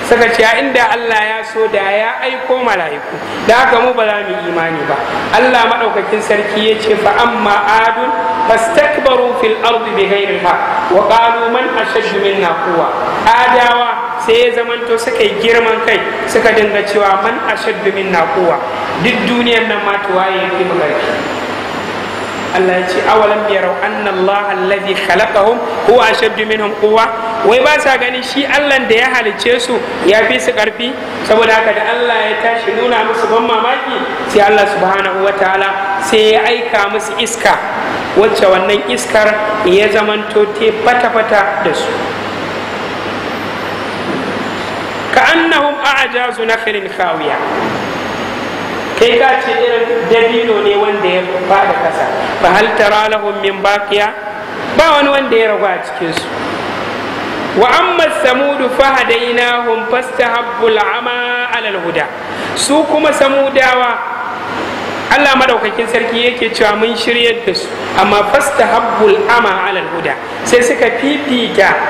suka ce inda Allah ya so da ya aiko mala'iku da haka mu ba za mu imani ba Allah madaukakin sarki ya ce fa amma adun fastakbaru fil ardi ghairi ha wa qalu man ashaddu minna quwwa adawa sai ya zamanto suka yi girman kai suka dinga cewa man ashaddu minna quwwa duk duniyar nan ma tuwaye ya fi Allah ya ce awalam yarau anna Allah alladhi khalaqahum huwa ashaddu minhum quwwa wai ba sa ganin shi Allah da ya halicce su ya fi su karfi saboda haka da Allah ya tashi nuna musu ban mamaki sai Allah subhanahu wataala sai ya aika musu iska wacce wannan iskar ya zamanto te fata-fata da su ka annahum na nakhilin khawiya kai ka ce irin dabino ne wanda ya fada kasa fa hal tara lahum min baqiya ba wani wanda ya ragu a cikin su wa amma samudu fa hadainahum fastahabbul ama alal huda su kuma samudawa Allah madaukakin sarki yake cewa mun shiryar da su amma fastahabbul ama alal huda sai suka fifita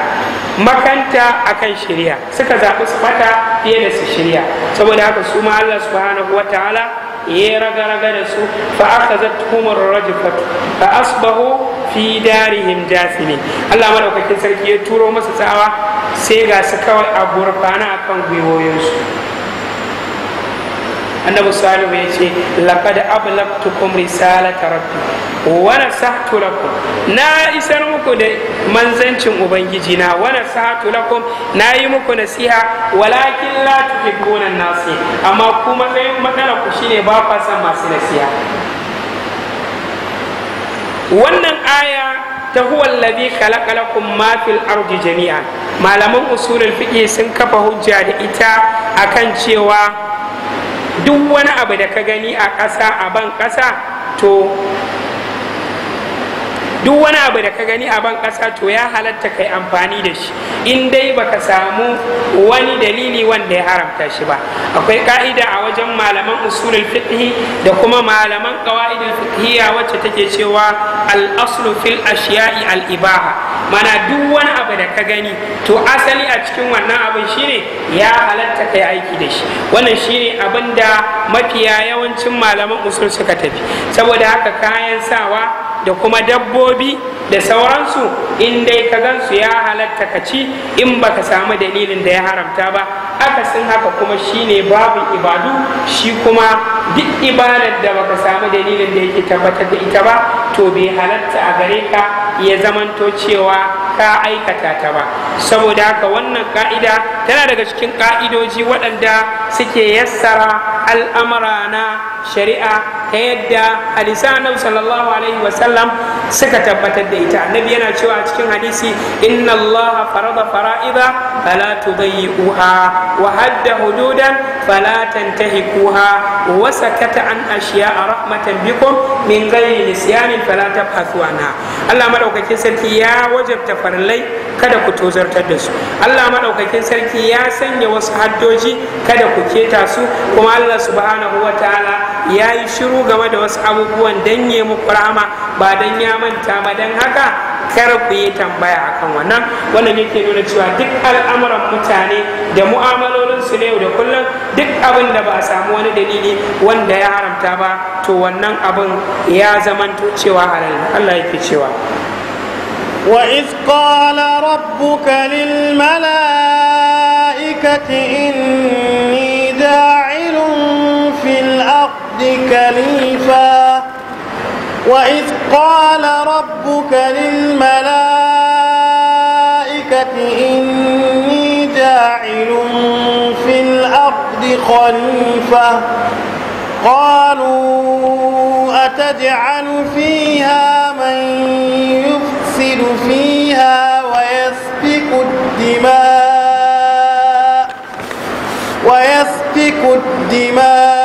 makanta akan shirya suka zaɓi su fata fiye da su shirya saboda haka su ma Allah subhanahu wa ta'ala ya raga raga da su fa aka zattumar rajifatu fa asbahu fi darihim jasimi Allah madaukakin sarki ya turo masa tsawa sai ga su kawai a gurfana akan gwiwoyinsu annabi salihu ya ce laqad ablaqtukum risalata rabbi wa nasahtu lakum na isar muku da manzancin ubangiji na wa nasahtu lakum na yi muku nasiha walakin la tuhibbuna nasi amma kuma sai matsala ku shine ba fa san masu nasiha wannan aya ta huwa alladhi khalaqa lakum ma fil ardi jami'an malaman usulul fiqh sun kafa hujja da ita akan cewa duk wani abu da ka gani a ƙasa a ban ƙasa to duk wani abu da ka gani a ban ƙasa to ya halatta kai amfani da shi in dai baka samu wani dalili wanda ya haramta shi ba akwai ka'ida a wajen malaman usulul fiqh da kuma malaman qawaidul fiqhiyya wacce take cewa al aslu fil ashiya'i al ibaha mana duk wani abu da ka gani to asali a cikin wannan abin shine ya halatta kai aiki da shi wannan shine abin da mafiya yawancin malaman usul suka tafi saboda haka kayan sawa da kuma dabbobi da sauransu in dai ka gansu ya halatta ka ci in ba ka samu dalilin da ya haramta ba akasin haka kuma shine babu ibadu shi kuma duk ibadar da baka samu dalilin da yake tabbatar da ita ba to bai halatta a gare ka ya zamanto cewa ka aikata ta ba saboda haka wannan ka'ida tana daga cikin ka'idoji waɗanda suke yassara al'amara na shari'a ta yadda a sallallahu alaihi wasallam wasallam suka tabbatar da ita annabi yana cewa a cikin hadisi inna Allah farada fara'ida fala tudayyi'uha wa hadda hududan fala tantahikuha wa sakata an ashiya'a rahmatan bikum min ghairi nisyanin fala tabhathu anha Allah madaukakin sarki ya wajabta farlai kada ku tozartar da su Allah madaukakin sarki ya sanya wasu haddoji kada ku keta su kuma Allah subhanahu wa ta'ala ya yi shiru game da wasu abubuwan don ya muku rama ba don ya manta ba don haka kar ku yi tambaya akan wannan wannan yake nuna cewa duk al'amuran mutane da mu'amalolin su ne da kullum duk abin da ba a samu wani dalili wanda ya haramta ba to wannan abin ya zamanto cewa halal Allah yake cewa وإذ قال ربك للملائكة إني كليفا وإذ قال ربك للملائكة إني جاعل في الأرض خليفة قالوا أتجعل فيها من يفسد فيها ويسفك الدماء ويسفك الدماء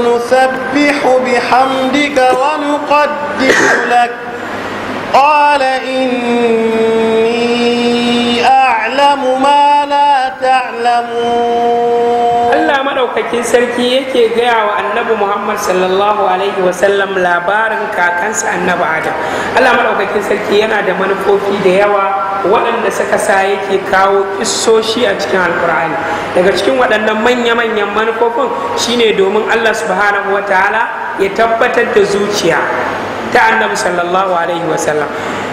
نسبح بحمدك ونقدس لك قال إني أعلم ما لا تعلمون maɗaukakin sarki yake gaya wa annabi muhammad sallallahu alaihi wasallam labarin kakansa annabi adam allah maɗaukakin sarki yana da manufofi da yawa waɗanda suka sa yake kawo kissoshi a cikin alkur'ani daga cikin waɗannan manya-manyan manufofin shine domin allah subhanahu wa ta'ala ya tabbatar da zuciya ta annabi sallallahu alaihi wasallam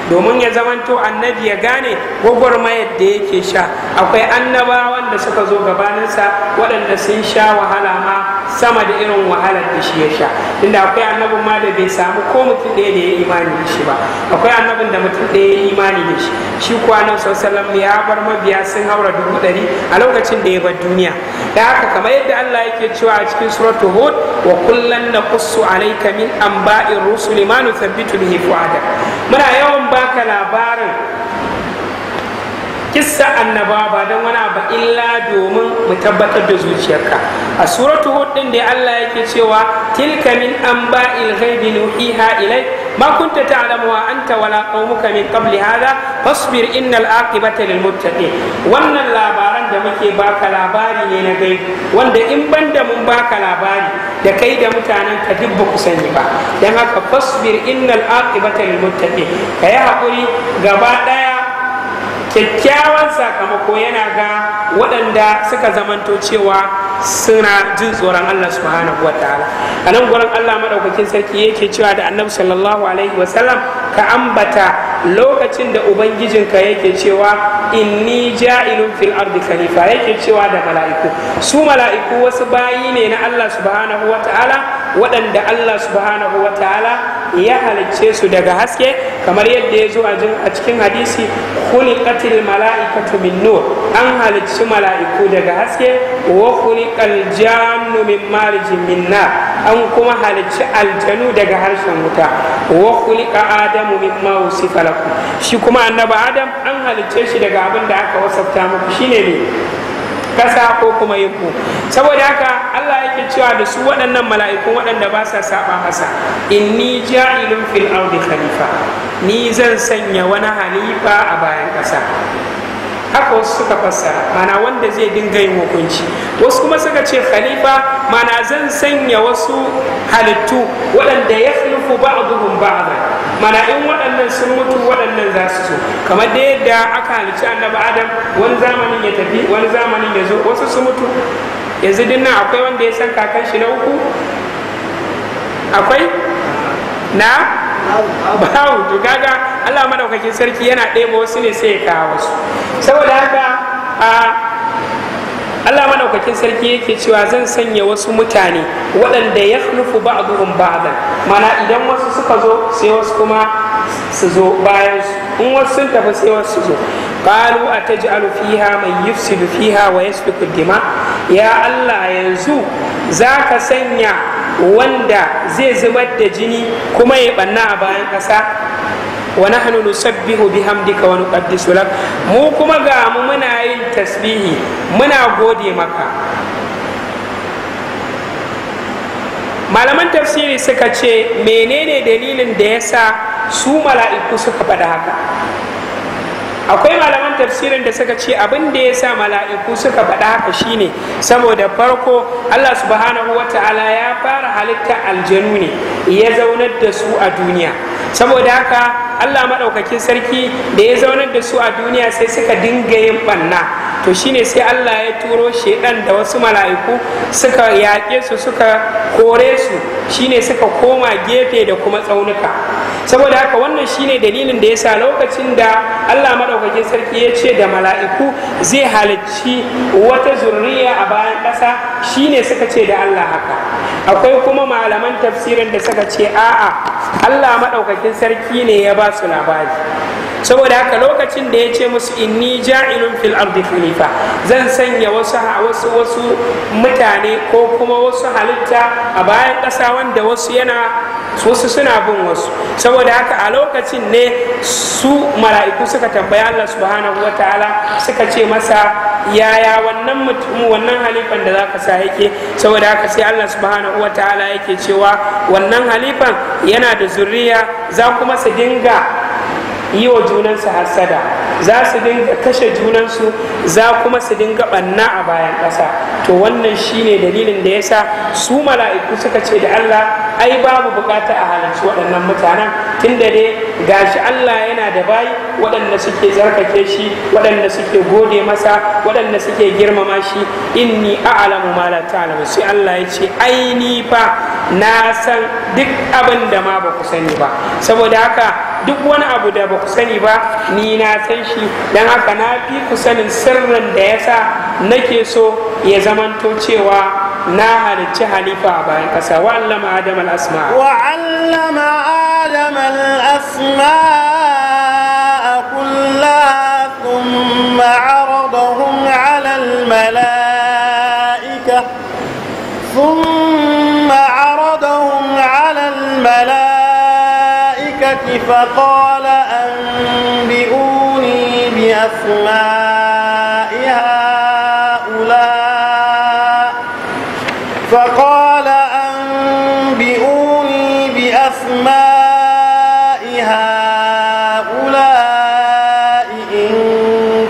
domin ya zamanto annabi ya gane gwagwarmayar da yake sha akwai annabawan da suka zo gabaninsa waɗanda sun sha wahala ma sama da irin wahalar da shi ya sha inda akwai annabin ma da bai samu ko mutum ɗaya da ya imani da shi ba akwai annabin da mutum ɗaya ya imani da shi shi kuwa nan sallam ya bar mabiya sun haura dubu ɗari a lokacin da ya bar duniya da haka kamar yadda Allah yake cewa a cikin suratu hud wa kullan naqussu alayka min anba'ir rusuli ma nuthabbitu bihi fuadak muna yawan baka labarin kissa annaba ba don wani abu illa domin mu tabbatar da zuciyarka a suratu hud din da Allah yake cewa tilka min anba'il ghaibi nuhiha ilai ma kunta ta'lamuha anta wala qaumuka min qabli hadha fasbir innal aqibata lil muttaqin wannan labaran da muke baka labari ne na gaibi wanda in banda mun baka labari da kai da mutanen ka duk ku sani ba dan haka fasbir innal aqibata lil muttaqin kai hakuri gaba daya kyakkyawan sakamako yana ga waɗanda suka zamanto cewa suna jin tsoron Allah subhanahu wa ta'ala a nan gurin Allah maɗaukakin sarki yake cewa da annabi sallallahu alaihi wasallam ka ambata lokacin da ubangijinka yake cewa inni ja'ilun fil ardi khalifa yake cewa da mala'iku su mala'iku wasu bayi ne na Allah subhanahu wa ta'ala waɗanda Allah subhanahu wa ta'ala ya halicce su daga haske kamar yadda ya zo a cikin hadisi kuli katil mala'ikatu min nur an halicci mala'iku daga haske wa kuli jannu min marijin min an kuma halicci aljanu daga harshen wuta wa kuli ka adamu min ma wusifa shi kuma annabi adam an halicce shi daga abin da aka wasafta muku shine ne kasa ko kuma yinku saboda haka Allah yake cewa da su waɗannan mala'ikun waɗanda ba sa saba masa inni ja'ilun fil ardi khalifa ni zan sanya wani halifa a bayan ƙasa haka wasu suka fassara mana wanda zai dinga yin hukunci wasu kuma suka ce khalifa mana zan sanya wasu halittu waɗanda ya khalifu ba'duhum ba'da mana in waɗannan sun mutu waɗannan za su so kamar da yadda aka halicci annabi adam wani zamanin ya tafi wani zamanin ya zo wasu sun mutu yanzu dinnan akwai wanda ya san kakan shi na uku akwai na bawu to kaga Allah madaukakin sarki yana ɗebo wasu ne sai ya kawo wasu saboda haka a Allah madaukakin sarki yake cewa zan sanya wasu mutane waɗanda ya nufu ba a mana idan wasu suka zo sai wasu kuma su zo bayan su in wasu sun tafi sai wasu su zo qalu ataj'alu fiha man yufsidu fiha wa yasfiku dima ya Allah yanzu zaka sanya wanda zai zubar da jini kuma ya banna a bayan ƙasa wa nahnu nusabbihu bihamdika wa nuqaddisu lak mu kuma ga mu muna yin tasbihi muna gode maka malaman tafsiri suka ce menene dalilin da yasa su mala'iku suka faɗa haka akwai malaman tafsirin da suka ce abin da ya sa mala'iku suka faɗa haka shine saboda farko Allah subhanahu ta'ala ya fara halitta aljanu ne ya zaunar da su a duniya saboda haka Allah maɗaukakin sarki da ya zaunar da su a duniya sai suka dinga yin ɓanna to shine sai Allah ya turo shaidan da wasu mala'iku suka yaƙe su suka kore su shine suka koma gefe da kuma tsaunuka saboda haka wannan shine dalilin da ya sa lokacin da Allah maɗaukakin maɗaukakin sarki ya ce da mala'iku zai halicci wata zurriya a bayan ƙasa shine suka ce da Allah haka akwai kuma malaman tafsirin da suka ce a'a Allah maɗaukakin sarki ne ya ba su labari saboda haka lokacin da ya ce musu inni ja'ilun fil ardi khalifa zan sanya wasu wasu wasu mutane ko kuma wasu halitta a bayan ƙasa wanda wasu yana wasu suna bin wasu saboda haka a lokacin ne su mala'iku suka tambaya Allah subhanahu wataala suka ce masa yaya wannan mutum wannan halifan da zaka sa yake saboda haka sai Allah subhanahu wataala yake cewa wannan halifan yana da zuriya za kuma su dinga yi wa junansu hasada za su dinga kashe junansu za kuma su dinga banna a bayan ƙasa to wannan shine dalilin da yasa su mala'iku suka ce da Allah ai babu bukata a halarci waɗannan mutanen tun da dai gashi Allah yana da bayi waɗanda suke zarkake shi waɗanda suke gode masa waɗanda suke girmama shi inni a'lamu ma la ta'lamu sai Allah ya ce ai ni fa na san duk abin da ma ba ku sani ba saboda haka duk wani abu da ba ku sani ba ni na san shi don haka na fi ku sanin sirrin da ya sa nake so ya zamanto cewa na halicci halifa a bayan ƙasa wa allama adam al-asma wa allama adam al-asma فقال أنبئوني بأسماء هؤلاء فقال أنبئوني بأسماء هؤلاء إن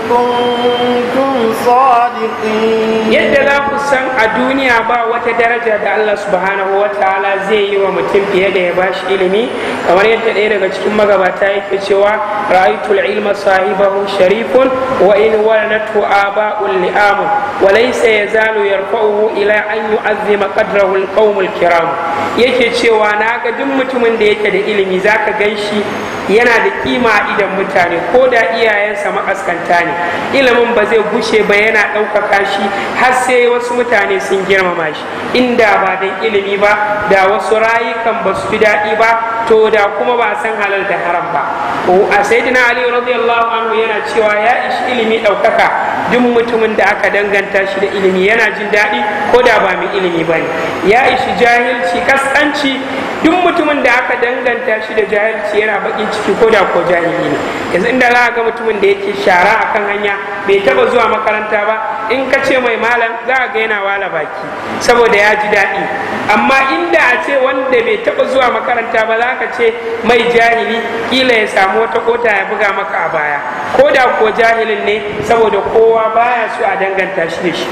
كنتم صادقين يد لا a duniya ba wata daraja da Allah subhanahu wa ta'ala zai yi wa mutum fiye da ya bashi ilimi kamar yadda ɗaya daga cikin magabata yake cewa ra'aytul ilma sahibahu sharifun wa in walanatu aba'ul li'am wa laysa yazalu yarfa'uhu ila an yu'azzima qadrahu alqawmul kiram yake cewa na ga duk mutumin da yake da ilimi zaka ganshi yana da kima a idan mutane ko da iyayensa makaskanta ne ilimin ba zai gushe ba yana ɗaukaka shi har sai wasu mutane sun girmama shi inda ba dan ilimi ba da wasu rayukan ba su fi daɗi ba to da kuma ba a san halal da haram ba ko a sayyidina ali radiyallahu anhu yana cewa ya ishi ilimi ɗaukaka duk mutumin da aka danganta shi da ilimi yana jin daɗi ko da ba mai ilimi ba ne ya ishi jahilci kaskanci duk mutumin da aka danganta shi da jahilci yana bakin ciki ko da ko jahili ne yanzu inda za a ga mutumin da yake shara akan hanya bai taba zuwa makaranta ba in ka ce mai malam za a ga yana wala baki saboda ya ji daɗi amma inda a ce wanda bai taɓa zuwa makaranta ba za ka ce mai jahili kila ya samu wata kota ya buga maka a baya ko da ko jahilin ne saboda kowa baya su a danganta shi da shi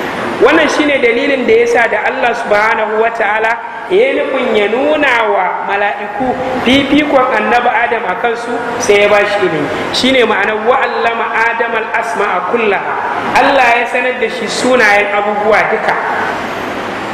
wannan shine dalilin da yasa da Allah subhanahu wata'ala ya kun ya nuna wa mala'iku fifikon annabi adam a kansu sai ya bashi shi ilimi shine ma'anar wa'allama adam al'asma a kulla allah ya sanar da shi sunayen abubuwa duka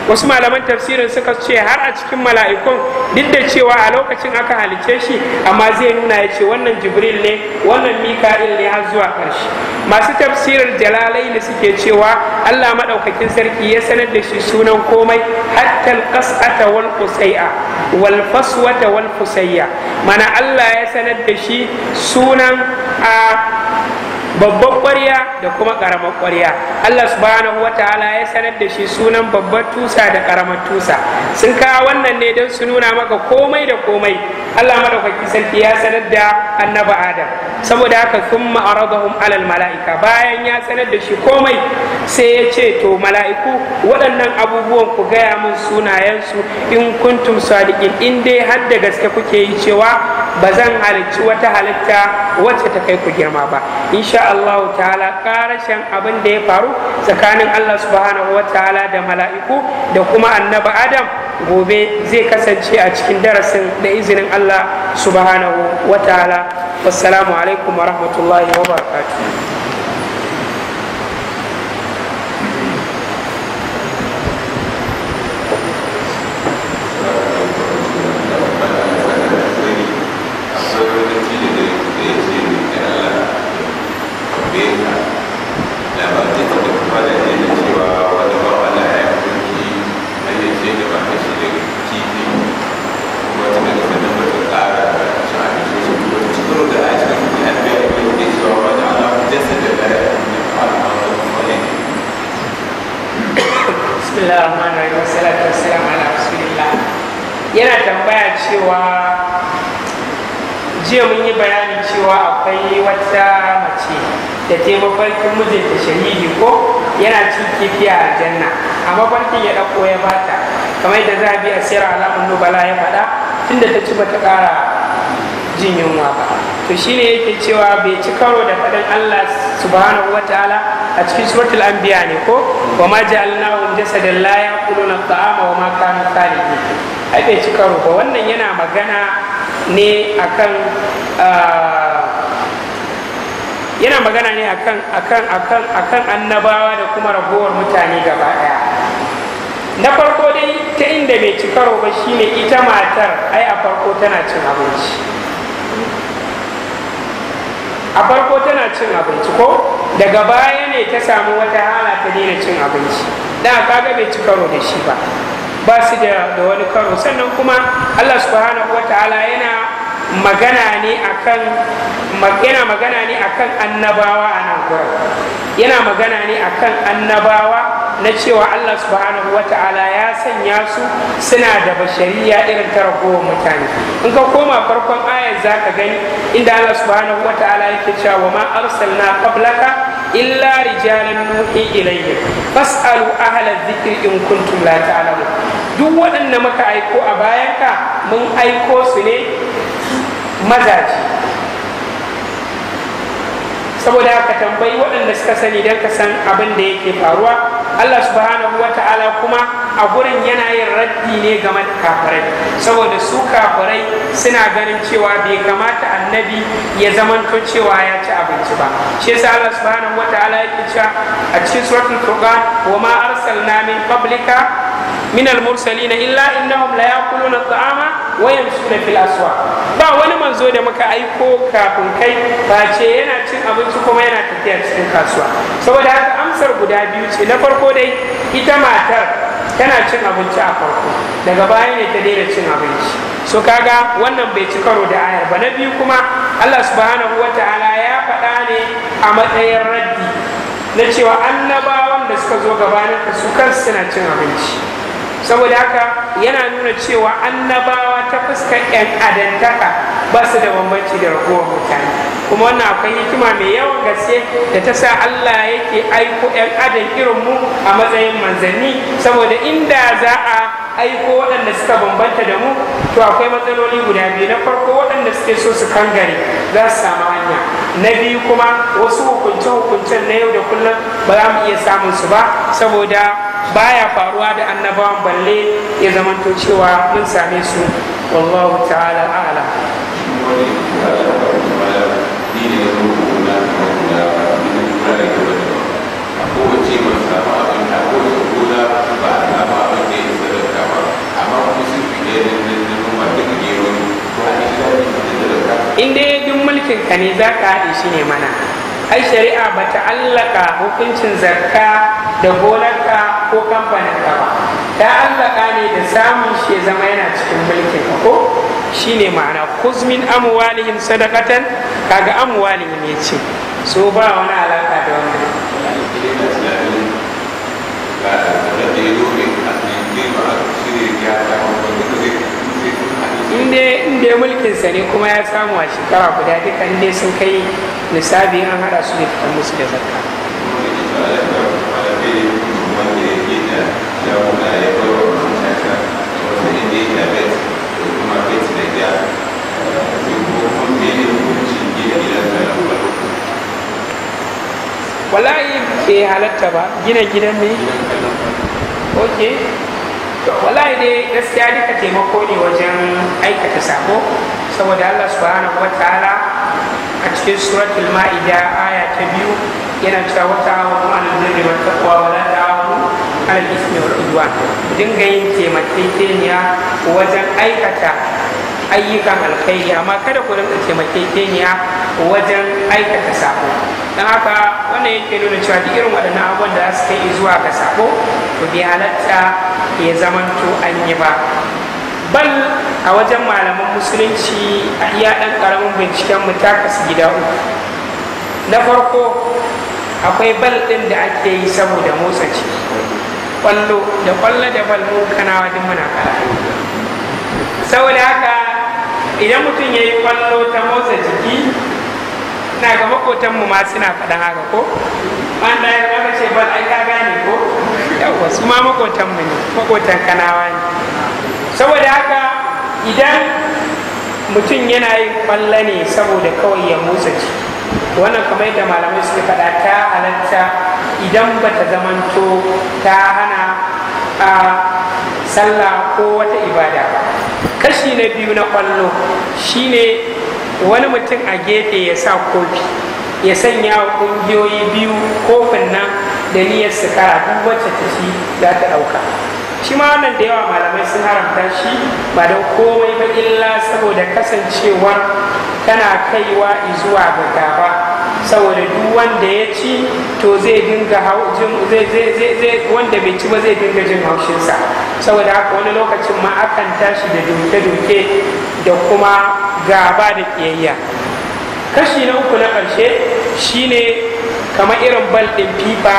wasu malaman tafsirin suka ce har a cikin mala'ikun duk da cewa a lokacin aka halice shi amma zai nuna ya ce wannan jibril ne wannan mika'il ne har zuwa ƙarshe masu tafsirin jalalai ne suke cewa allah maɗaukakin sarki ya sanar da shi sunan komai hattal kas'ata wal kusai'a wal faswata wal kusayya mana allah ya sanar da shi sunan a babban ƙwarya da kuma ƙaramar ƙwarya Allah subhanahu wa ta'ala ya sanar da shi sunan babbar tusa da ƙaramar tusa sun kawo wannan ne don su nuna maka komai da komai Allah madaukaki sarki ya sanar da annabi Adam saboda haka sun aradahum alal mala'ika bayan ya sanar da shi komai sai ya ce to mala'iku waɗannan abubuwan ku gaya min sunayensu in kuntum sadiqin in dai har da gaske kuke yi cewa ba zan halicci wata halitta wacce ta kai ku girma ba insha Allah ta'ala karashin abin da ya faru tsakanin Allah subhanahu wa da mala'iku da kuma annabi Adam gobe zai kasance a cikin darasin da izinin Allah subhanahu wa ta'ala wassalamu alaikum wa rahmatullahi wa barakatuh akwai wata mace da taimakon mijinta shahidi ko yana cin kifi a janna amma mafarkin ya ɗauko ya bata kamar yadda za a biya sayar alamun nubala ya faɗa tunda ta ci bata ƙara jin yunwa ba to shine yake cewa bai ci karo da faɗin Allah subhanahu wa ta'ala a cikin suratul anbiya ne ko wa ma ja'alnahum jasadan la ya'kuluna taama wa ma kanu khaliqin ai bai ci karo ba wannan yana magana ne akan ah, yana magana ne akan akan akan akan annabawa da kuma ragowar mutane gaba ɗaya na farko dai ta inda mai ci karo ba shine ita matar ai a farko tana cin abinci a farko tana cin abinci ko daga baya ne ta samu wata hala ta daina cin abinci da kaga bai ci karo da shi ba ba su da wani karo sannan kuma allah subhanahu wa ta'ala yana magana ne akan yana magana ne akan annabawa a nan gurin yana magana ne akan annabawa na cewa Allah subhanahu wata'ala ya sanya su suna da bashariya irin ta mutane in ka koma farkon ayar zaka gani inda Allah subhanahu wata'ala yake cewa wa ma arsalna qablaka illa rijalan nuhi ilayhim fas'alu ahla dhikri in kuntum la ta'lamun duk waɗanda muka aiko a bayanka mun aiko su ne mazaje saboda haka tambayi waɗanda suka sani don ka san abin da yake faruwa allah subhanahu wa ta'ala kuma a gurin yana yin raddi ne game da kafirai saboda su kafirai suna ganin cewa bai kamata annabi ya zamanto cewa ya ci abinci ba shi yasa allah subhanahu wa ta'ala ya ci a cikin suratul furqan wa ma arsalna min qablika min al-mursalin illa innahum la yaquluna ta'ama wayan suna fil aswa ba wani manzo da muka aiko kafin kai ba ce yana cin abinci kuma yana tafiya cikin kasuwa saboda haka amsar guda biyu ce na farko dai ita matar tana cin abinci a farko daga baya ne ta daina cin abinci so kaga wannan bai ci karo da ayar ba na biyu kuma Allah subhanahu wataala ya faɗa ne a matsayin raddi na cewa annabawan da suka zo gabanin su kansu suna cin abinci saboda haka yana nuna cewa annabawa ta fuskar 'yan adantaka ba su da bambanci da ragowar mutane kuma wannan akwai hikima mai yawan gaske da ta sa allah yake aiko 'yan adam irin mu a matsayin manzanni saboda inda za a aiko waɗanda suka bambanta da mu to akwai matsaloli guda biyu na farko waɗanda suke so su kangare za su samu hanya na biyu kuma wasu hukunce-hukuncen na yau da kullum ba za mu iya samun su ba saboda baya faruwa da annabawan balle ya zamanto cewa mun same su wallahu ta'ala ala in ya duk mulkin ka ne za ka haɗe shi ne mana ai shari'a ba ta allaka hukuncin zakka da gonarka ko kamfanin ka ba ta allaka ne da samun shi zama yana cikin mulkin ka ko shine ma'ana kuzmin amwalihim sadaqatan kaga amwalihim yace so ba wani alaka da wannan inda ya mulkin sa ne kuma ya samu a shekara guda duka inda sun kai nisabi an hada su da fitan musu da zakka ya halatta ba gina gidan ne ok wallahi dai gaskiya duka taimako ne wajen aikata sako saboda allah subhanahu wa ta'ala a cikin suratul ma'ida aya ta biyu yana cewa wata awon al-birri wa taqwa wa la ta'awunu 'alal ismi wal dinga yin taimakekeniya wajen aikata ayyukan alkhairi amma kada ku rinka taimakekeniya wajen aikata sako don haka wannan yake nuna cewa duk irin waɗannan abubuwan da za su kai zuwa ga sako to bai halatta ya zamanto an yi ba bal a wajen malaman musulunci a iya ɗan ƙaramin binciken mu ta kasu gida uku na farko akwai bal ɗin da ake yi saboda motsa ci ƙwallo da kwallo da bal mun kana wajen muna kala saboda haka idan mutum ya yi kwallo ta motsa jiki na ga makotanmu ma suna faɗa haka ko wanda ya aka ce bal ai ka gane ko yawwa su ma makotanmu ne makotan kanawa ne saboda haka idan mutum yana yin kwallo ne saboda kawai ya motsa jiki wannan kamar yadda malamai suke faɗa ta halatta idan ba ta zamanto ta hana a ah, sallah ko wata ibada ba kashi na biyu na kwallo shine wani mutum a gefe ya sa kofi ya sanya wa ƙungiyoyi biyu kofin nan da niyyar su kara duk wacce ta shi za ta ɗauka shi ma wannan da yawa malamai sun haramta shi ba don komai ba illa saboda kasancewar tana kaiwa zuwa ga gaba saboda duk wanda ya ci to zai dinga wanda bai ci ba zai dinga jin haushinsa saboda haka wani lokacin ma akan tashi da duke duke da kuma gaba da ƙiyayya kashi na uku na ƙarshe shine kamar irin bal ɗin fifa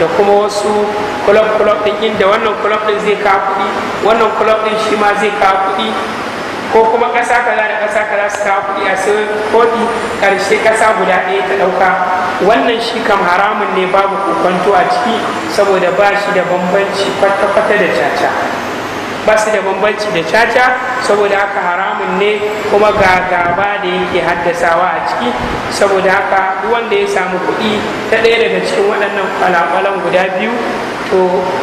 da kuma wasu kulob-kulob ɗin inda wannan kulob din zai kawo kuɗi wannan kulob din shi ma zai kawo kuɗi ko kuma kasa kaza da kasa kaza su kawo kuɗi a sai koɗi karshe ƙasa guda ɗaya ta ɗauka wannan shi kam haramun ne babu kokonto a ciki saboda ba shi da bambanci kwata-kwata da caca ba su da bambanci da caca saboda haka haramun ne kuma ga gaba da yake haddasawa a ciki saboda haka wanda ya samu kuɗi ta ɗaya daga cikin waɗannan kwalakwalan guda biyu to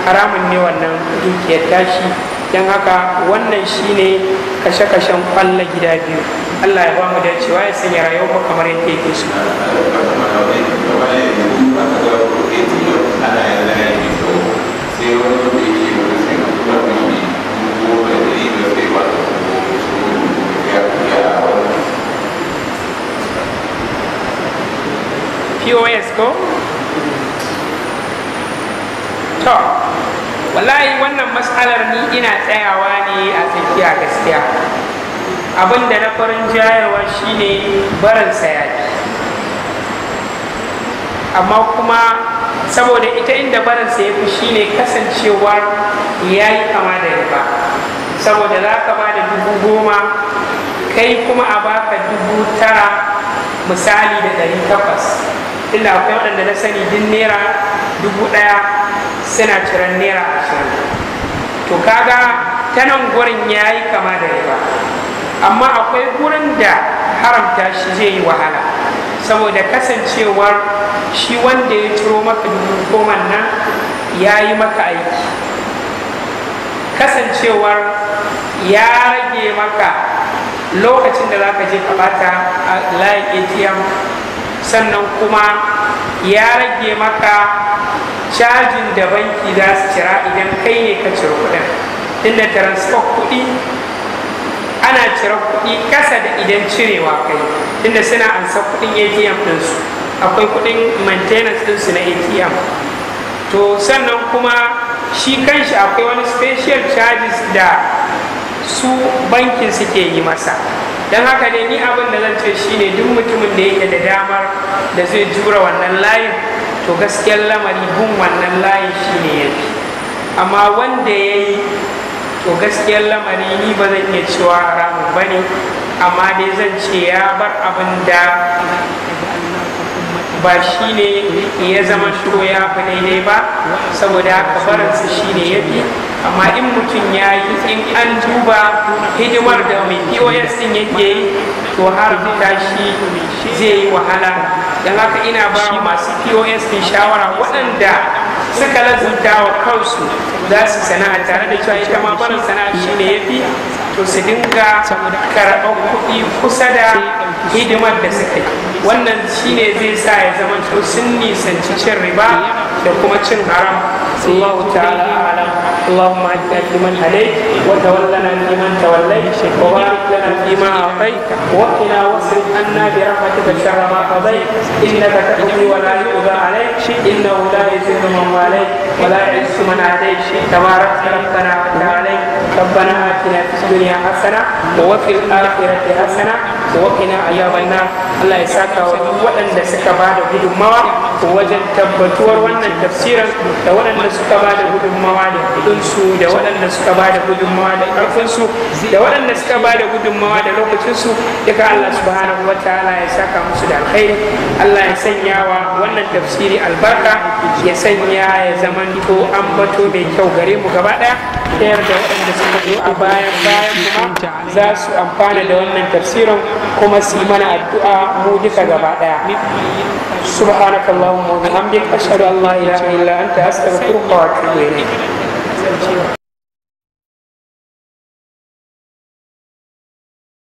haramun ne wannan dukiyar tashi don haka wannan shine kashe-kashen kwallon gida biyu allah ya ba mu dacewa ya sanya rayuwa kamar yadda yake su POS ko? To, wallahi wannan matsalar ni ina tsayawa ne a tsakiya gaskiya abin da na farin jayarwa shine barin sayaki amma kuma saboda ita inda barin sa yafi shine kasancewa ya yi kama da riba saboda za ka ba da dubu goma kai kuma a baka dubu tara misali da ɗari takwas inda akwai waɗanda na sani din naira dubu ɗaya suna ciran naira ashirin to kaga ta nan gurin ya yi kama da riba amma akwai gurin da haramta shi zai yi wahala saboda kasancewar shi wanda ya ciro maka dubu goma nan ya yi maka aiki kasancewar ya rage maka lokacin da za ka je ka bata a layin atm sannan kuma ya rage maka cajin da banki za su cira idan kai ne ka ciro kuɗin tunda transfer kuɗi ana cira kuɗi kasa da idan cirewa kai tunda suna ansa kuɗin atm ɗinsu akwai kuɗin maintenance ɗinsu na atm to sannan kuma shi kanshi akwai wani special charges da su bankin suke yi masa don haka ne ni abin da zan ce shine duk mutumin da yake da damar da zai jura wannan layin to gaskiyar lamari bin wannan layin shine ya fi amma wanda ya yi to gaskiyar lamari ni ba zan iya cewa haramun ba ne amma dai zan ce ya bar abin da ba shi ne ya zama shiro ya fi daidai ba saboda haka barinsa shi ne ya fi amma in mutum ya yi in an duba hidimar da mai pos din yake yi to har tashi zai yi wahala don haka ina ba masu pos din shawara waɗanda suka lazuta wa kansu za su sana'a tare da cewa ita ma barin sana'a shi ne ya fi to su dinga karɓar kuɗi kusa da hidimar da suka yi wannan shi ne zai sa ya zama to sun nisanci cin riba da kuma cin haram Allah ta'ala alam اللهم عدنا فيمن هديت وتولنا فيمن توليت وبارك لنا فيما اعطيت وقنا واصرف عنا برحمتك شر ما قضيت انك تقضي ولا يقضى عليك انه لا يذل من واليت ولا يعز من عليك تبارك ربنا عليك ربنا اتنا في الدنيا حسنه وفي الاخره حسنه وقنا عذاب النار Allah ya saka wa waɗanda suka ba da gudunmawa wajen tabbatuwar wannan tafsirin da waɗanda suka ba da gudunmawa da kudinsu da waɗanda suka ba da gudummawa da ƙarfinsu da waɗanda suka ba da gudunmawa da lokacinsu duka Allah subhanahu wa ta'ala ya saka musu da alkhairi Allah ya sanya wa wannan tafsiri albarka ya sanya ya zama ko an bato mai kyau gare mu gaba ɗaya ta yarda waɗanda suka zo a bayan bayan kuma za su amfana da wannan tafsirin kuma su mana addu'a mu duka gaba daya subhanaka allahumma wa bihamdika ashhadu an la ilaha illa anta astaghfiruka wa atubu ilayk